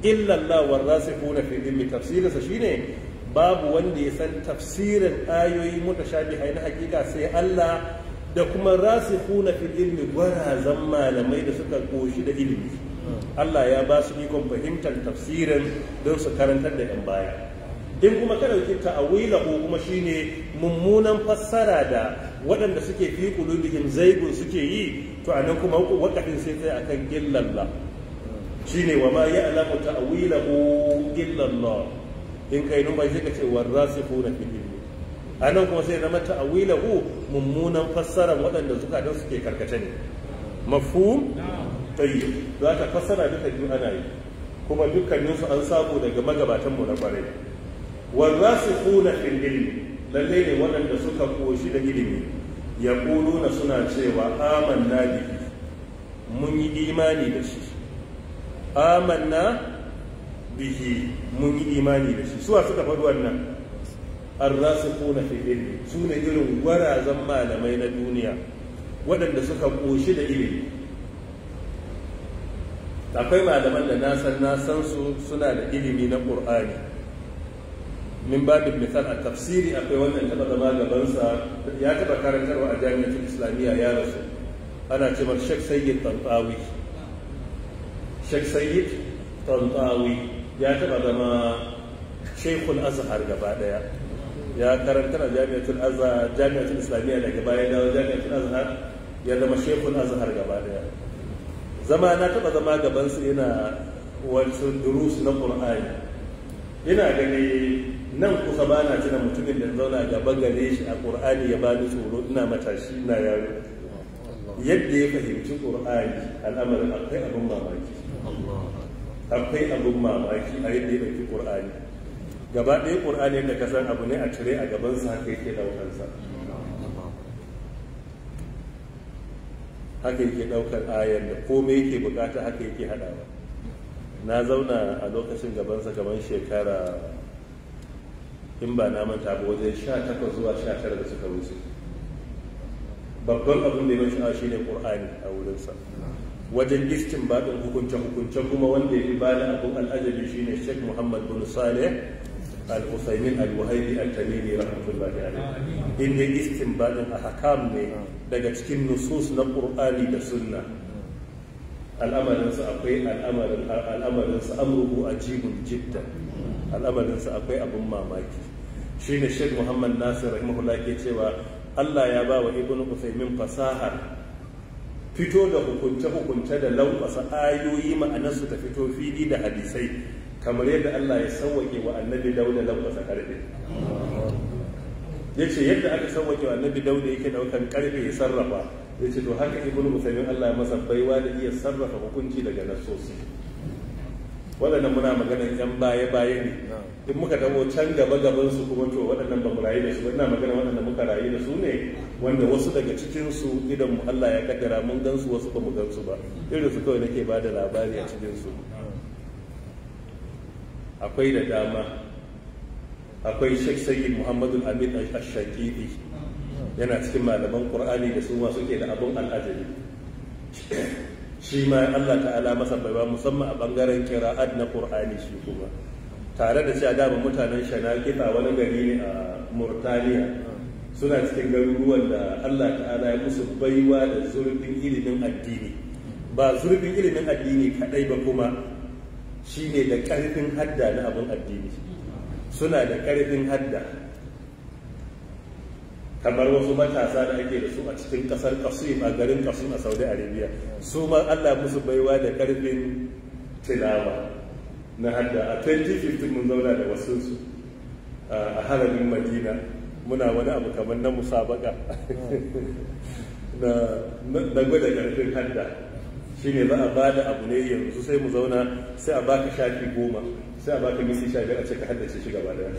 illallah Allah war kuna fil ilmi tafsirinsa shine babu wanda ya san tafsirin ayoyi mutashabihai na hakika sai Allah da kuma na fil ilmi gwarazan malamai da suka koshi da ilimi Allah ya ba su ikon fahimtar tafsirin don su karantar da yan baya in kuma ka dauki ko kuma shine mummunan fassara da waɗanda suke fi qulubihim zaigun suke yi to anan kuma wakafin sai sai akan illallah shine wa ma ya'lamu ta'awilahu illallah in kai numfashi sai ka ce warrasikhuna fil ilmi anan kuma sai zama ta'awilahu mummunan fassara waɗanda zukatan suke karkata ne mafhum tayyib za ka fassara duka biyu ana yi kuma dukkaninsu an sabo daga magabatan mu na kwarai warrasikhuna fil ilmi lallai ne waɗanda suka koshi da ilimi na suna cewa amanna bihi mun yi imani da shi amanna bihi mun yi imani da shi suwa suka faɗi wannan kona fi ilmi ne irin gwarazan malamai na duniya waɗanda suka ƙoshi da ilimi akwai malaman da na san su suna da ilimi na ƙur'ani min da misal a tafsiri akwai wannan taɓa zama gabansa ya taɓa karantarwa a jami'ancin islamiyya ya rasu ana ce mar shek sayyid tantawi shek sayyid tantawi ya taɓa zama shekul azhar gaba ɗaya ya karanta a jami'atul azhar jami'atul islamiyya daga baya da jami'atul azhar ya zama shekul azhar gaba ɗaya zama na taɓa zama su yana wasu durus na qur'ani ina gani nan kusa ba na tuna mutumin da zauna gaba gare shi a ƙur'ani ya bani tsoro ina matashi ina yaro yadda ya fahimci ƙur'ani al'amarin akwai abin mamaki akwai abin mamaki a yadda ya ɗauki ƙur'ani gaba ɗaya ƙur'ani da san abu ne a cire a gaban sa haka yake ɗaukansa haka yake ɗaukar ayar da komai yake bukata haka yake haɗawa na zauna a lokacin gabansa gaban shekara in ba na manta ba wajen sha takwas zuwa sha tara da suka wuce babban abin da ya mashi ne ƙur'ani a wurinsa wajen istinbadin hukunce-hukunce, kuma wanda ya fi bani abun al'ajabi shine Sheikh Muhammad bin Saleh al-Usaimin al-Wahabi al-Tamimi rahmatullahi alaihi inda istinbadin ahkam ne daga cikin nusus na Qur'ani da Sunna al'amarin sa akwai al'amarin al'amarin sa amruhu ajibun jiddan al'amarin sa akwai abun mamaki shine Sheikh Muhammad Nasir rahimahullah ke cewa Allah ya ba wa Ibn Usaimin fasahar fito da hukunce-hukunce da lankwasa ayoyi ma'anarsu ta fito fili da hadisai kamar yadda Allah ya sauwake wa annabi dauda lankwasa karfe ya ce yadda aka sauwake wa annabi dauda yake daukan karfe ya sarrafa ya ce to haka ibn musamman Allah ya masa baiwa da iya sarrafa hukunci daga nasosi waɗannan muna maganar 'yan baya-baya ne in muka dawo can gaba gaban su kuma to waɗannan ba rayu da su ba ina magana waɗanda muka rayu da su ne wanda wasu daga cikin su idan mu Allah ya kaddara mun gan su wasu ba mu gan su ba irin su kawai nake bada labari a cikin su akwai da dama akwai Sheikh Sayyid Muhammadu Amin Ash-Shaqidi yana cikin malaman Qur'ani da su ma suke da abun al'ajabi shi ma Allah ta'ala masa bai ba musamman a bangaren kira'at na Qur'ani shi kuma tare da cewa dama mutanen shanakita wani gari ne a murtaniya suna cikin garuruwan da allah ta'ala ya musu baiwa da zurfin ilimin addini ba zurfin ilimin addini kadai ba kuma shine da karfin hadda na abin addini suna da karfin hadda kamar wasu matasa da ake da su a cikin kasar kasim a garin kasim a saudi arabia su ma allah musu baiwa da karfin tilawa na hadda a 2015 mun zauna da wasu su a haramin madina muna wani abu kamar na musabaka na gwada karfin hadda shine za a ba da abu ne yanzu sai mu zauna sai a baka shafi goma sai a baka minti sha biyar a ce ka haddace shi gaba daya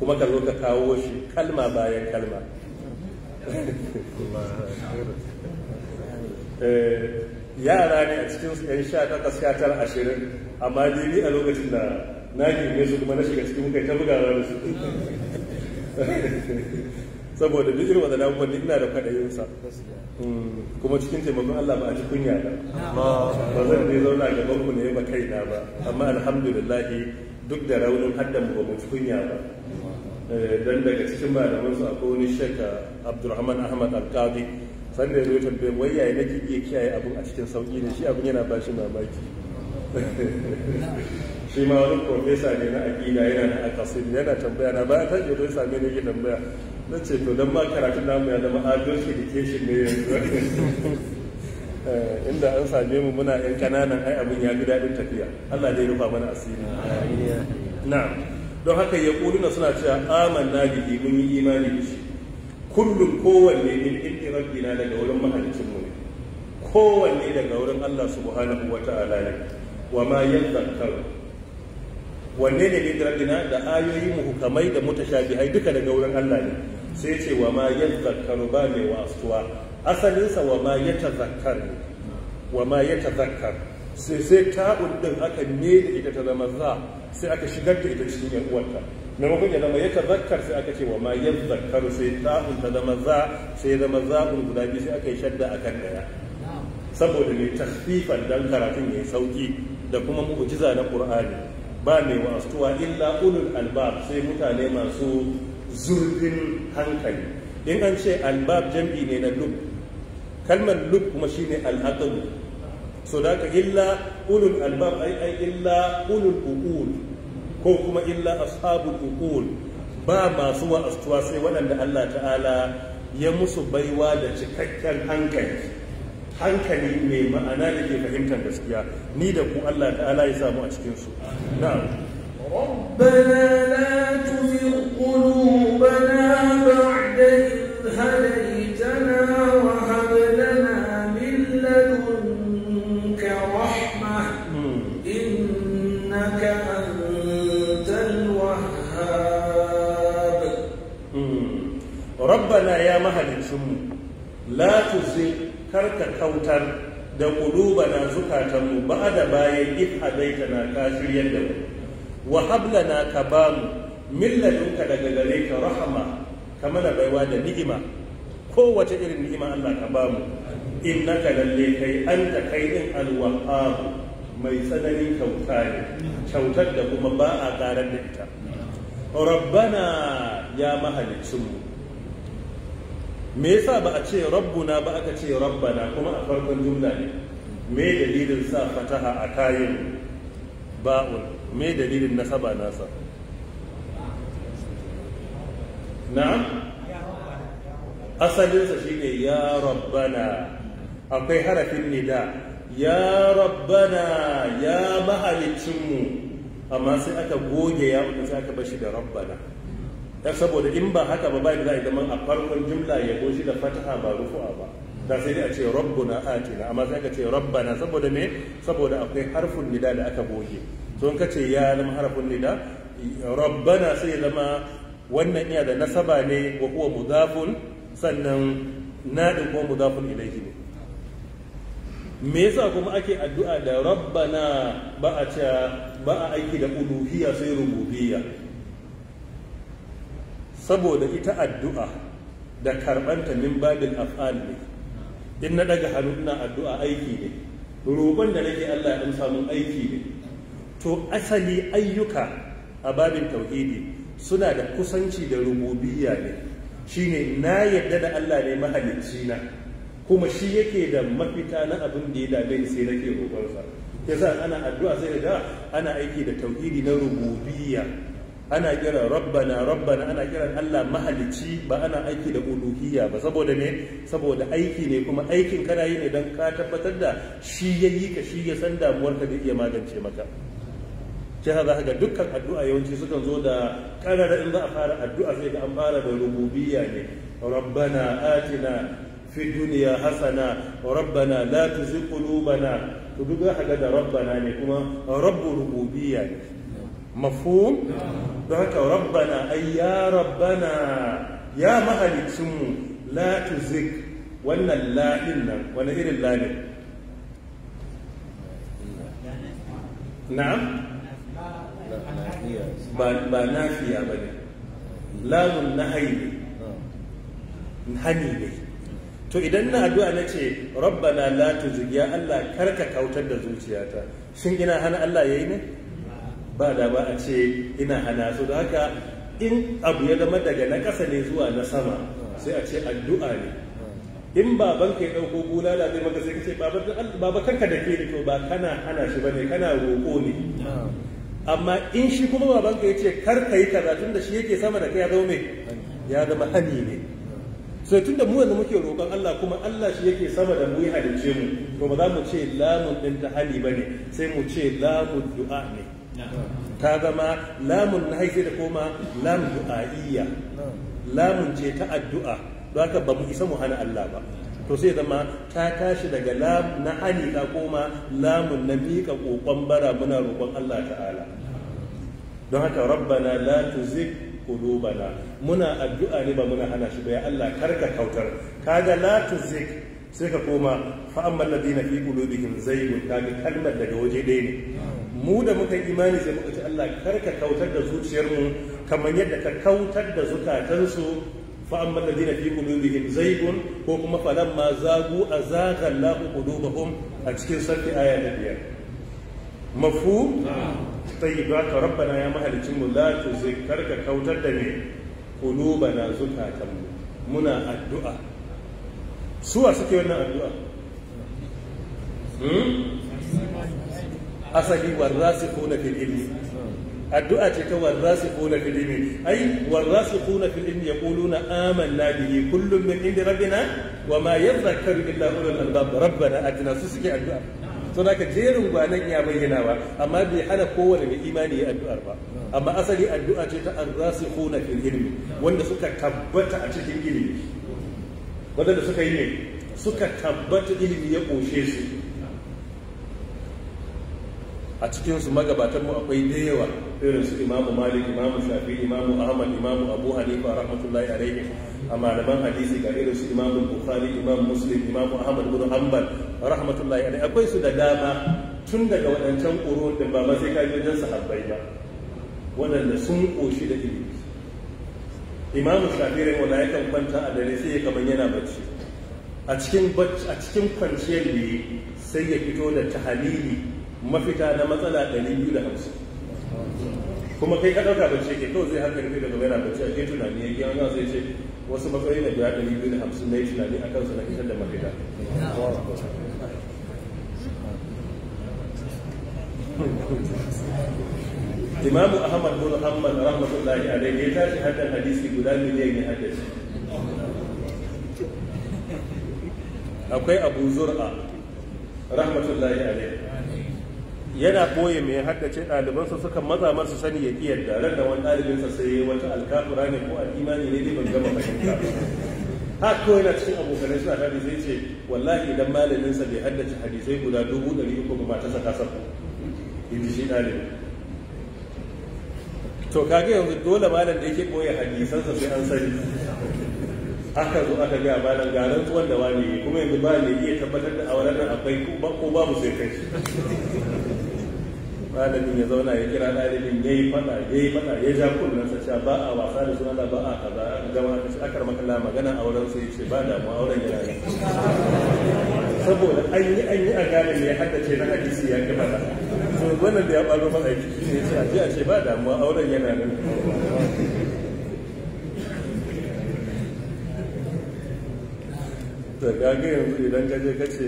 kuma ka zo ka kawo shi kalma bayan kalma eh, yara ne a cikin yan sha takwas ashirin amma dai a lokacin da na girme su kuma na shiga cikin muka ta bugawa da su saboda duk irin wannan abubuwan ina da kwaɗayin sa hmm, kuma cikin taimakon Allah ba a ci kunya ba ba zan dai zauna gaban ku ne ba kai na ba amma alhamdulillah duk da raunin haddan ba mu cikin kunya ba eh, dan daga cikin malaman su akwai wani shekka Abdulrahman Ahmad Al-Qadi sanda ya zo tambaye wai yaya nake iya kiyaye abun a cikin sauki ne shi abun yana bashi mamaki shi ma wani profesa ne na aƙida yana na akasin yana tambaya na bayan ta jirgin same ne ke tambaya na ce to don ma karatun namu ya zama adult education ne yanzu eh, inda an same mu muna yan kananan ai abin ya fi daɗin tafiya Allah dai rufa mana asiri na don haka ya na suna cewa amanna bihi mun yi imani da shi kullum kowanne min inda rabbina daga wurin mahalicin mu ne kowanne daga wurin Allah subhanahu wa ta'ala ne wa ma yadhakkar wanne ne ne rabbina da ayoyi muhukamai da mutashabihai duka daga wurin Allah ne sai ce wa ma yadhakkar ba mai wasuwa asalin sa wa ma yatazakkar wa ma yatazakkar sai sai ta ɗin aka ne da ita ta zama za sai aka shigar da ita cikin yan uwarta mafi ya zama ya zakar sai aka ce wa ma ya zakar sai ta ta zama za sai zama za'un guda biyu sai aka yi shadda akan daya saboda mai tafifan dan karatun ya yi sauki da kuma mu'jiza na qur'ani ba mai wa'astuwa illa ulul albab sai mutane masu zurfin hankali in an ce albab jam'i ne na lub kalmar lub kuma shine al'aqlu so da ka illa ulul albab ai ai illa ulul uqul ko kuma illa ashabul uqul ba masu wa'astuwa sai waɗanda Allah ta'ala ya musu baiwa da cikakken hankali hankali mai ma'ana da ke fahimtar gaskiya ni da ku Allah ta'ala ya samu a cikin su na'am rabbana la tuzigh qulubana ba'da idh hadaytana wa hab lana min ladunka rahma hmm. innaka antal wahhab hmm. rabbana ya mahalicin mu la karka kautar da na zukatanmu ba da bayan id hadaitana na shiryar yadda mu wa na ka bamu milladunka daga gare ka rahama ka mana baiwa da ni'ima kowace irin ni'ima Allah ka bamu innaka lalle kai ta kai din alwahhab mai tsananin kyauta ne kyautar da kuma ba a karar da ita rabbana ya mahalicinmu me yasa ba a ce rabbuna ba aka ce rabbana kuma a farkon jumla ne me dalilin sa fataha a kayan ba'un me dalilin nasaba nasa na'am asalinsa shine ya rabbana akwai harafin nida ya rabbana ya mu. amma sai aka goge ya sai aka bashi da rabbana dan saboda in ba haka ba bai da zai zama a farkon jumla ya goshi da fataha ba rufu'a ba da sai dai a ce rabbuna atina amma sai aka ce rabbana saboda me saboda akwai harfin nida da aka goge to in ka ce ya zama harfin nida rabbana sai ya zama wannan iya da nasaba ne wa huwa mudafun sannan nadin ko mudafun ilayhi ne me yasa kuma ake addu'a da rabbana ba a ba a aiki da uluhiyya sai rububiyya saboda ita addu'a da karɓanta min babin af'al ne in na daga hannu ina addu'a aiki ne roƙon da nake Allah ya samun aiki ne to asali ayyuka a babin tauhidi suna da kusanci da rububiyya ne shine na yadda da Allah ne mahalicci na kuma shi yake da mafita na abin da ya dame ni sai nake roƙonsa yasa ana addu'a sai da ana aiki da tauhidi na rububiyya ana kiran rabbana rabbana ana kiran Allah mahalici ba ana aiki da uluhiyya ba saboda ne saboda aiki ne kuma aikin kana yi ne dan ka tabbatar da shi ya ka shi ya san ka da iya magance maka shi haka haka dukkan addu'a yawanci sukan zo da karara in za a fara addu'a sai ga an fara da rububiyya ne rabbana atina fi duniya hasana rabbana la tuzigh qulubana to duk haka da rabbana ne kuma rabbu rububiyya ne مفهوم ذاك ربنا rabbana يا ya يا ya mahalicinmu la wannan la'in nan wani irin la'in na'am ba nafiya ba ne ne to idan na addu'a na ce rabbana na tuzigh ya Allah karka kautar da zuciyata shin ina hana Allah yayi ne ba da ba a ce ina hana su da haka in abu ya zama daga na ƙasa ne zuwa na sama sai a ce addu'a ne in baban ka ya ɗauko da zai maka sai ka ce baba kanka da ke to ba kana hana shi ba ne, kana roƙo ne amma in shi kuma baban ka ya ce kar ka yi kaza tunda shi yake sama da kai ya zama ya zama hani ne sai tunda mu yanzu muke roƙon Allah kuma Allah shi yake sama da mu ya halicce mu to ba za mu ce lamun ɗin ta hali ne sai mu ce lamun du'a ne ta zama lamun na haifi da koma lamun du'a'iyya lamun ce ta addu'a don haka ba mu isa mu hana Allah ba to sai zama ta tashi daga lam na hani ta koma lamun na miƙa ƙoƙon bara muna roƙon Allah ta'ala don haka rabbana la tuzigh qulubana muna addu'a ne ba muna hana shi ba ya Allah karka kautar kaga la zik sai ka koma fa amma alladhina fi qulubihim zaygun kaga kalmar daga waje ɗaya ne mu da muka yi imani sai muka ce Allah kar ka kautar da zuciyarmu kamar yadda ka kautar da zukatansu fa amma alladhina fi qulubihim zaygun ko kuma falamma zagu azaga Allahu qulubahum a cikin sarki aya na biyar mafu tayyibaka rabbana ya mahalicin mu la tuzigh kar ka kautar da ni qulubana zukatanmu muna addu'a suwa suke wannan addu'a hmm? asali warrasikhuna fil ilmi addu'a ce ta warrasikhuna fil ilmi ai warrasikhuna fil ilmi yaquluna amanna bihi kullun min indi rabbina wa ma yadhakkaru illa ulul albab rabbana atina su suke addu'a to da ka jerin gwanan ya bayyana ba amma bai hana kowane mai imani ya addu'ar ba amma asali addu'a ce ta arrasikhuna fil ilmi wanda suka tabbata a cikin ilimi wanda suka yi ne suka tabbata ilimi ya koshe su a cikinsu magabatanmu akwai da yawa irin su imamu malik imamu shafi imamu ahmad imamu abu hanifa rahmatullahi alaihi a malaman hadisi ga irin su imamu bukhari imamu muslim imamu ahmad ibn hanbal rahmatullahi alaihi akwai su da dama tun daga wadancan ƙurun din ba ma sai ka wajen sahabbai ba waɗanda sun koshi da ilimi imamu shafi wala yakan kwanta a dare sai ya kaman yana bacci a cikin kwanciyar da sai ya fito da tahalili mafita na matsala 250 kuma kai ka dauka bacci ke kawai zai haka rufe daga yana bacci a ke tunani ya gina zai ce wasu matsayi na biya 250 na yi tunani a kansu na isar da mafita imam ahmad bin hanbal rahmatullahi alaihi ya tashi haddan hadisi guda miliyan ya haddace akwai abu zur'a rahmatullahi alaihi yana boye mai haddace ɗalibansa suka maza masu sani ya ƙiyar da ran da wani ɗalibinsa sai ya wata alkafura ne ko al'imani ne dai ban gama fahimta ha haka yana cikin abokanai suna hadi zai ce wallahi idan malaminsa bai haddace hadisai guda dubu ɗari uku ba matarsa ta sako in ji shi ɗalibi to kage yanzu dole malam da yake boye hadisansa sai an sani aka zo aka ga malam garin rantsuwan da wani kuma yanzu ba ne iya tabbatar da a nan akwai ko babu sai kai malamin ya zauna ya kira ɗalibin ya yi faɗa ya yi faɗa ya ja kullunsa cewa ba a wasa da suna ba a kaza a gama da shi akar makalla magana auren sai ce ba damuwa auren ya rayu saboda an yi an yi a gane ne ce na hadisi ya ga faɗa to wannan da ya faru ba aiki shi ne a ji a ce ba damuwa auren yana nan to kaga yanzu idan ka je ka ce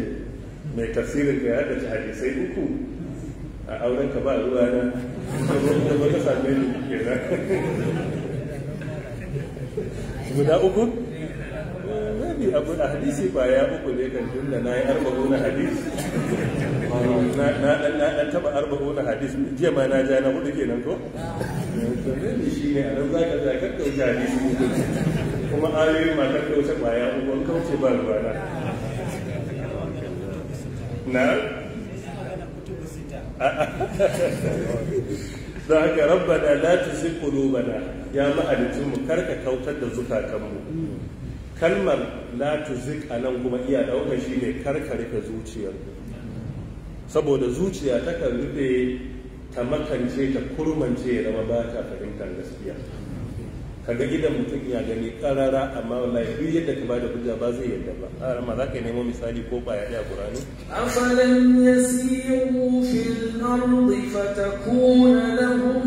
mai tafsirin ga ya ta hadisai uku a auren ka ba ruwa na da wata same ni ke kenan guda uku rabi abu a hadisi ba ya uku ne kan tunda na yi arba'u na hadisi na dan taba arba'u na hadisi jiya ma na ja na hudu ke nan ko to shi ne a nan zaka ka kauce hadisi kuma ayoyin matar kauce ba ya uku kauce ba ruwa na na don haka rabbana la tuzigh qulubana ya ma'alicin mu karka kautar da zukatanmu kalmar la tuzigh anan kuma iya dauka shine karka rika zuciyar saboda zuciya kan rufe ta makance ta kurmance ya zama ba ta fahimtar gaskiya kaga gidan mutum ya gani karara amma wallahi duk yadda ka bada hujja ba zai yadda ba amma za ka nemo misali ko ba kwaya daya qur'ani afalam yasiru fil الأرض فتكون له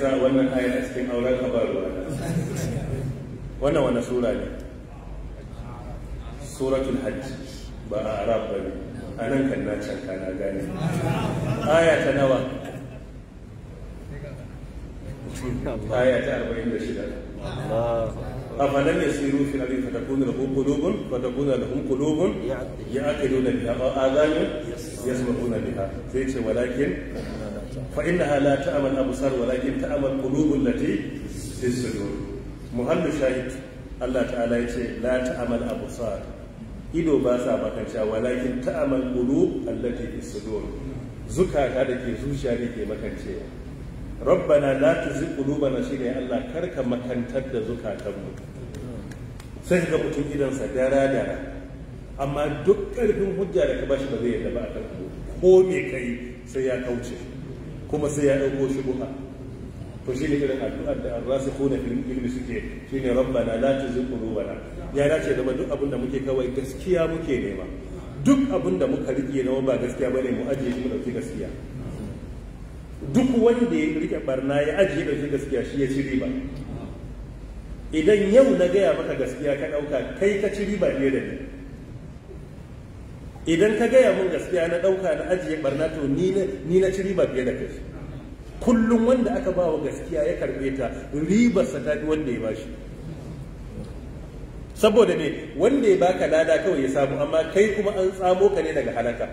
yasa wannan aya a cikin auren ka ba ruwa wannan wani sura ne suratul hajj ba a arab ba ne a nan kan na can kana gane aya ta nawa aya ta arba'in da shida afalan ya sai rufi na rufi ta kuna da hukulubun ba ta kuna da hukulubun ya aka yi nuna biya a gane ya sama kuna biya sai ce walakin fa innaha la ta'mal absar walakin ta'mal qulubul lati fi sudur muhallu shahid Allah ta'ala ya ce la ta'mal absar ido ba sa makanta walakin ta'mal qulub allati fi sudur zukata da ke zuciya da ke makancewa rabbana la tuzigh qulubana shine Allah karka makantar da ta mu. sai ga mutum idansa dara dara amma duk ƙarfin hujja da ka bashi ba zai yadda ba akan ko me kai sai ya kauce kuma sai ya ɗauko shubuha to shi ne irin addu'ar da rasu fil ilmi suke Shi shine rabbana la tuzigh qulubana ya dace zama duk abin da muke kawai gaskiya muke nema duk abin muka rike na ba gaskiya bane mu ajiye shi mu dauki gaskiya duk wanda ya rike barna ya ajiye dauki gaskiya shi ya ci riba idan yau na gaya maka gaskiya ka ɗauka, kai ka ci riba ne da ni idan ka gaya mun gaskiya na ɗauka na ajiye barna to ni na ci riba fiye da kai kullum wanda aka ba wa gaskiya ya karɓe ta ribarsa ta fi wanda ya bashi saboda ne wanda ya baka lada kawai ya samu amma kai kuma an tsamo ka ne daga halaka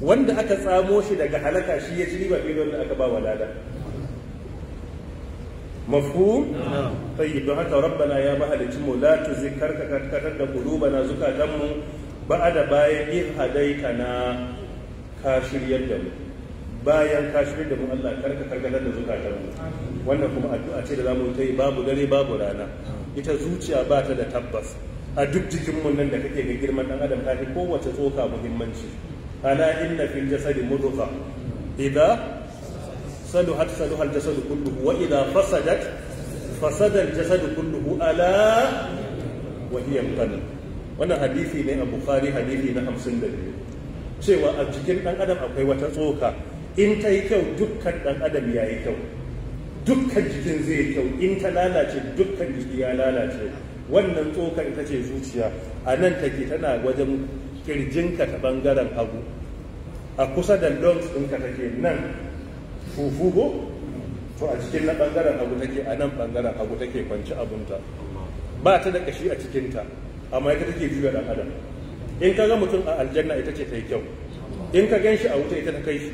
wanda aka tsamo shi daga halaka shi ya ci riba fiye da wanda aka ba wa lada mafhum tayyib don haka rabbana ya mahalicin mu la tuzikar ka karkatar da qulubana zukatanmu ba da bayan in hadaita na ka shiryar da mu bayan ka da mu Allah karka karkatar da zukatar mu wannan kuma addu'a ce da zamu ta yi babu dare babu rana ita zuciya ba ta da tabbas a duk jikin mu nan da kake ga girman dan adam ta fi kowace tsoka muhimmanci ala inna fil jasadi mudghah idza hat sadu hal jasadu kulluhu wa idza fasadat fasada al jasadu kulluhu ala wa hiya mutanna wannan hadisi ne a bukhari hadisi na hamsin da biyu cewa a jikin ɗan adam akwai wata tsoka in ta yi kyau dukkan ɗan adam ya yi kyau dukkan jikin zai yi kyau in ta lalace dukkan jiki ya lalace wannan tsokar ita ce zuciya a nan take tana wajen kirjinka ta bangaren hagu a kusa da lungs ɗinka take nan fufugo, to a cikin na bangaren hagu take a nan bangaren hagu take kwanci abunta ba ta da kashi a cikinta amma ita take juya dan adam in ka ga mutum a aljanna ita ce ta yi kyau in ka gan shi a wuta ita ta kai shi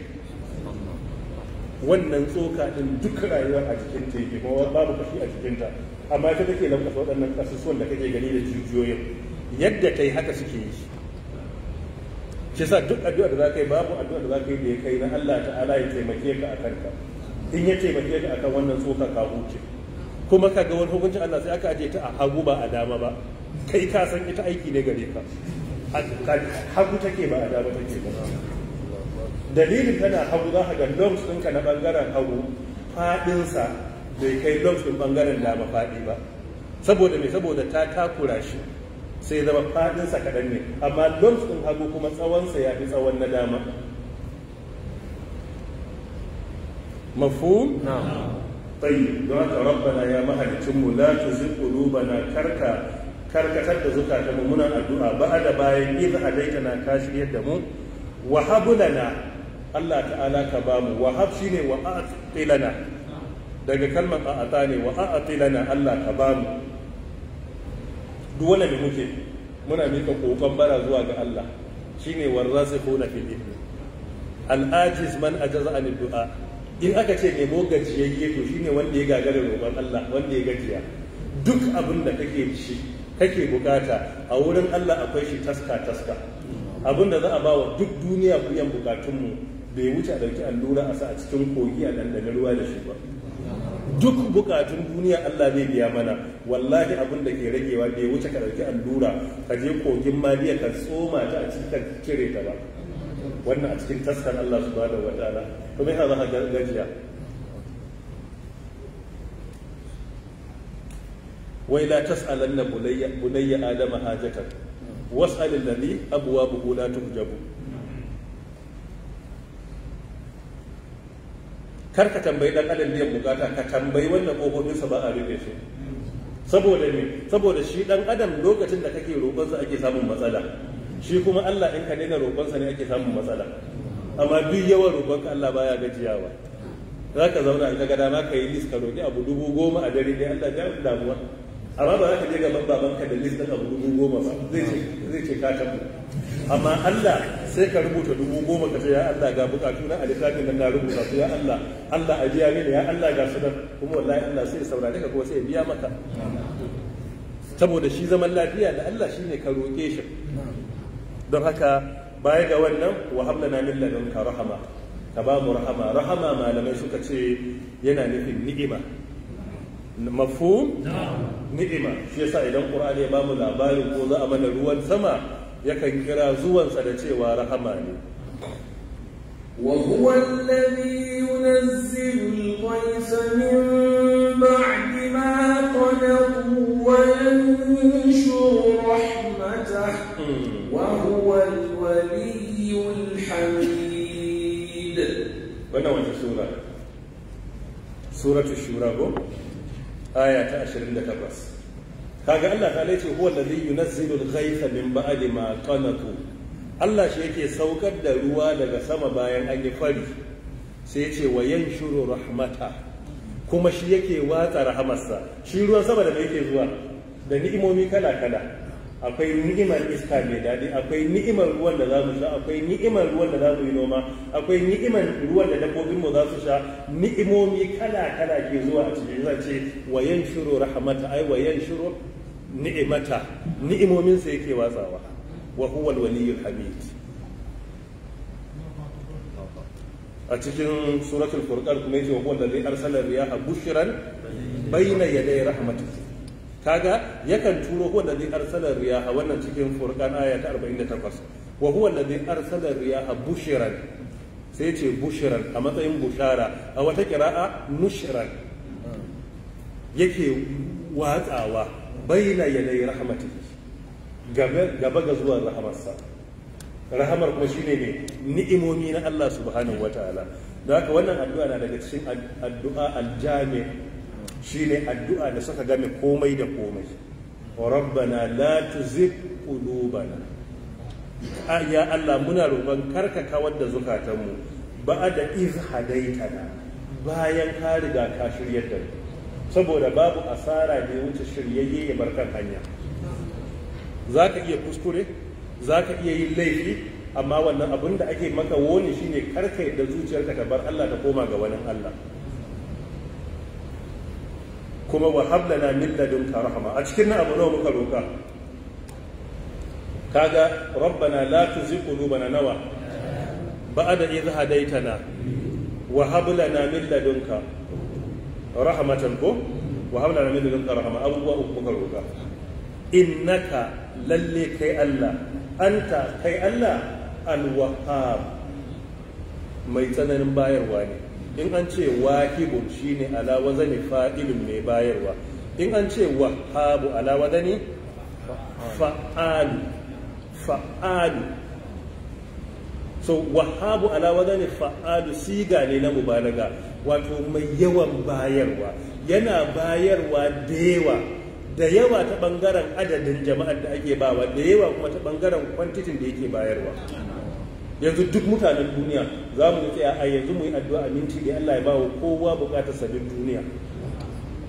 wannan tsoka din duk rayuwar a cikin ta yake kuma babu kashi a cikin ta amma ita take lankasa waɗannan ƙasusuwan da kake gani da jijiyoyin yadda ta yi haka suke yi shi sa duk addu'a da za ka yi babu addu'a da za ka yi da ya kai na Allah ta'ala ya taimake ka a kanka in ya taimake ka kan wannan tsoka ka huce kuma kaga wani hukuncin Allah sai aka ajiye ta a hagu ba a dama ba kai ka san ita aiki ne gare ka hagu take ba a dama take ba dalilin tana hagu za ka ga lungs ɗinka na ɓangaren hagu faɗinsa bai kai lungs ɗin ɓangaren dama faɗi ba saboda me saboda ta takura shi sai zama faɗinsa kaɗan ne amma lungs ɗin hagu kuma tsawonsa ya fi tsawon na dama mafhum na'am tayyib don haka rabbana ya mahalicin mu la tuzigh qulubana karka karkatar da zukata mu muna addu'a ba da bayan idh na ka shiryar da mu wa habulana Allah ta'ala ka ba mu wa hab shine wa a'tilana daga kalmar a'ata ne wa a'tilana Allah ka ba mu duk wanda da muke muna mika kokon bara zuwa ga Allah shine warrasikhuna fil ilmi al-ajiz man ajaza an du'a in aka ce nemo gajiyayye to shine wanda ya gagara roƙon Allah wanda ya gajiya duk abin da kake shi kake bukata a wurin Allah akwai shi taska taska abin da za a bawa duk duniya kuyan bukatunmu bai wuce a dauki allura a sa a cikin kogi a dandana ruwa da shi ba duk bukatun duniya Allah zai biya mana wallahi abin da ke ragewa bai wuce ka ɗauki allura ka je kogin maliya ka tsoma ta a cikin cire ta ba wannan a cikin taskan Allah su subhanahu wataala to me yasa za gajiya wa ila تسألن بني bunayya adam hajata was'al الذي أبوابه la تحجب kar ka tambayi dan adam biyan bukata ka tambayi wannan kofofinsa ba a rufe su saboda ne saboda shi dan adam lokacin da kake roƙon sa ake samun matsala shi kuma Allah in ka daina roƙonsa ne ake samun matsala amma duk yawan roƙonka Allah baya gajiyawa za ka zauna in ka gada ma ka yi list ka roƙi abu dubu goma a dare dai Allah ya damuwa amma ba za ka je gaban babanka da list ɗin abu dubu goma ba zai ce ka tafi amma Allah sai ka rubuta dubu goma ka ce ya Allah ga bukatu na a littafin nan na rubuta su ya Allah Allah a biya mini ya Allah ga su nan kuma wallahi Allah sai saurare ka ko sai ya biya maka saboda shi zaman lafiya da Allah shine ka roƙe shi don haka baya ga wannan wa na min ladunka rahama ka ba mu rahama rahama malamai suka ce yana nufin ni'ima mafhum ni'ima shi yasa idan qur'ani ya bamu labarin ko za a mana ruwan sama yakan kira zuwansa da cewa rahama ne وهو الذي ينزل الغيث من بعد ما قنطوا وينشر رحمته وهو الولي الحميد وانا وانت سورة سورة الشورى آية 28 kaga Allah ta laice huwa alladhi yunazzilu al-ghaytha min ba'di ma qanatu Allah shi yake saukar da ruwa daga sama bayan an yi fari sai yace wa yanshuru rahmata kuma shi yake watsa rahamarsa shi ruwan sama da yake zuwa da ni'imomi kala kala akwai ni'imar iska mai daɗi akwai ni'imar ruwan da za mu sha akwai ni'imar ruwan da za mu yi noma akwai ni'imar ruwan da dabbobin mu za su sha ni'imomi kala kala ke zuwa a cikin zan ce wa yanshuru rahmata ai wa yanshuru ni'imata ni'imomin sa yake watsawa wa huwa al-waliyyul hamid a cikin suratul furqan kuma yace wa huwa allazi arsala riyaha bushran bayna yaday rahmatihi kaga yakan turo huwa alladhi arsala riyaha wannan cikin furqan aya ta 48 wa huwa alladhi arsala riyaha bushran sai ce bushran a matsayin bushara a wata kira'a nushran yake watsawa baina yanayi rahmatih gaba ga zuwan rahamarsa rahamar kuma shine ne ni'imomi na Allah subhanahu wataala da haka wannan addu'a na daga cikin addu'a aljami' shine addu'a da suka game komai da komai rabbana la tuzigh qulubana ah, ya Allah muna roƙon karka kawar da zukatanmu da iz hadaitana bayan ka riga ka shiryar da saboda babu asara ne wuce shiryayye ya bar kan hanya za ka iya kuskure za ka iya yin laifi amma wannan abin da ake maka woni shine karka da zuciyarka ka bar Allah ta koma ga wani Allah kuma wa hablana min ladunka rahma a cikin abu nawa muka roka kaga rabbana la tuzigh qulubana nawa ba'da idh hadaytana wa hab lana min ladunka rahmatan ko wa hab lana min ladunka rahma abubuwa uku muka roka innaka lalle kai Allah anta kai Allah al-wahhab mai tsananin bayarwa ne in an ce shi ne ala wazani fa'ilun mai bayarwa in an ce wahabu ala wazani fa'alu fa'alu so wahabu ala wazani fa'alu siga ne na mubalaga wato mai yawan bayarwa yana bayarwa da yawa da yawa ta bangaren adadin jama'ar da ake bawa da yawa kuma ta bangaren kwantitin da yake bayarwa yanzu duk mutanen duniya za mu tsaya a yanzu mu yi addu'a a minti da Allah ya ba wa kowa bukatar sabin duniya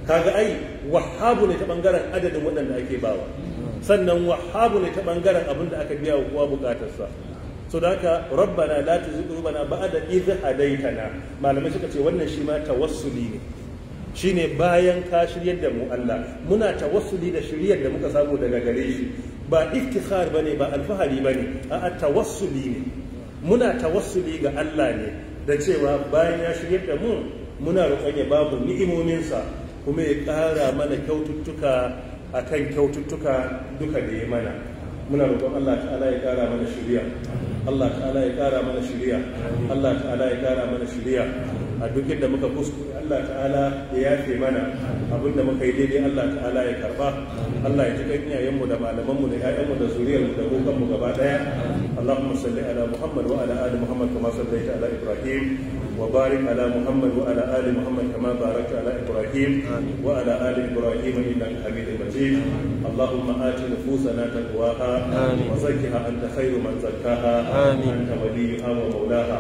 kaga ai wahabu ne ta bangaren adadin waɗanda ake bawa sannan wahabu ne ta bangaren abin da aka biya wa kowa bukatarsa so da haka rabbana la tuzigh qulubana ba'da idh hadaytana malamai suka ce wannan shi ma tawassuli ne shine bayan ka shiryar da mu Allah muna tawassuli da shiryar da muka samu daga gare shi ba iftikhar bane ba alfahari bane a'a tawassuli ne muna tawassuli ga Allah ne da cewa bayan ya shirya da mu muna roƙon ya babu ni'imominsa kuma ya ƙara mana kyaututtuka a kan kyaututtuka duka da ya mana muna roƙon Allah ta'ala ya ƙara mana shirya Allah ta'ala ya ƙara mana shirya Allah ta'ala ya ƙara mana shirya a duk da muka kuskure Allah ta'ala ya yafe mana abin da muka yi daidai Allah ta'ala ya karba Allah ya tuka iyayenmu da malamanmu da mu da zuriyarmu da mu gaba daya Allahumma salli ala Muhammad wa ala ali Muhammad kama sallaita ala Ibrahim wa barik ala Muhammad wa ala ali Muhammad kama barakta ala Ibrahim wa ala ali Ibrahim innaka Hamidum Majid Allahumma ati nufusana taqwaha wa zakkiha anta khairu man zakkaha anta waliyuha wa mawlaha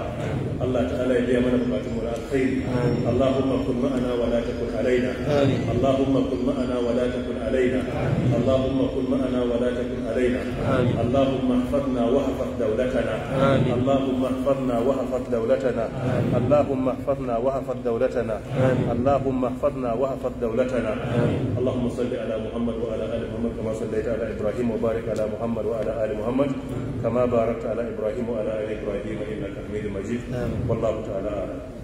Allah ta'ala ya biya mana bukatunmu na الخير اللهم كن معنا ولا تكن علينا اللهم كن معنا ولا تكن علينا اللهم كن معنا ولا تكن علينا اللهم احفظنا واحفظ دولتنا اللهم احفظنا واحفظ دولتنا اللهم احفظنا واحفظ دولتنا اللهم احفظنا واحفظ دولتنا اللهم صل على محمد وعلى ال محمد كما صليت على ابراهيم وبارك على محمد وعلى ال محمد كما باركت على ابراهيم وعلى ال ابراهيم انك حميد مجيد والله تعالى اعلم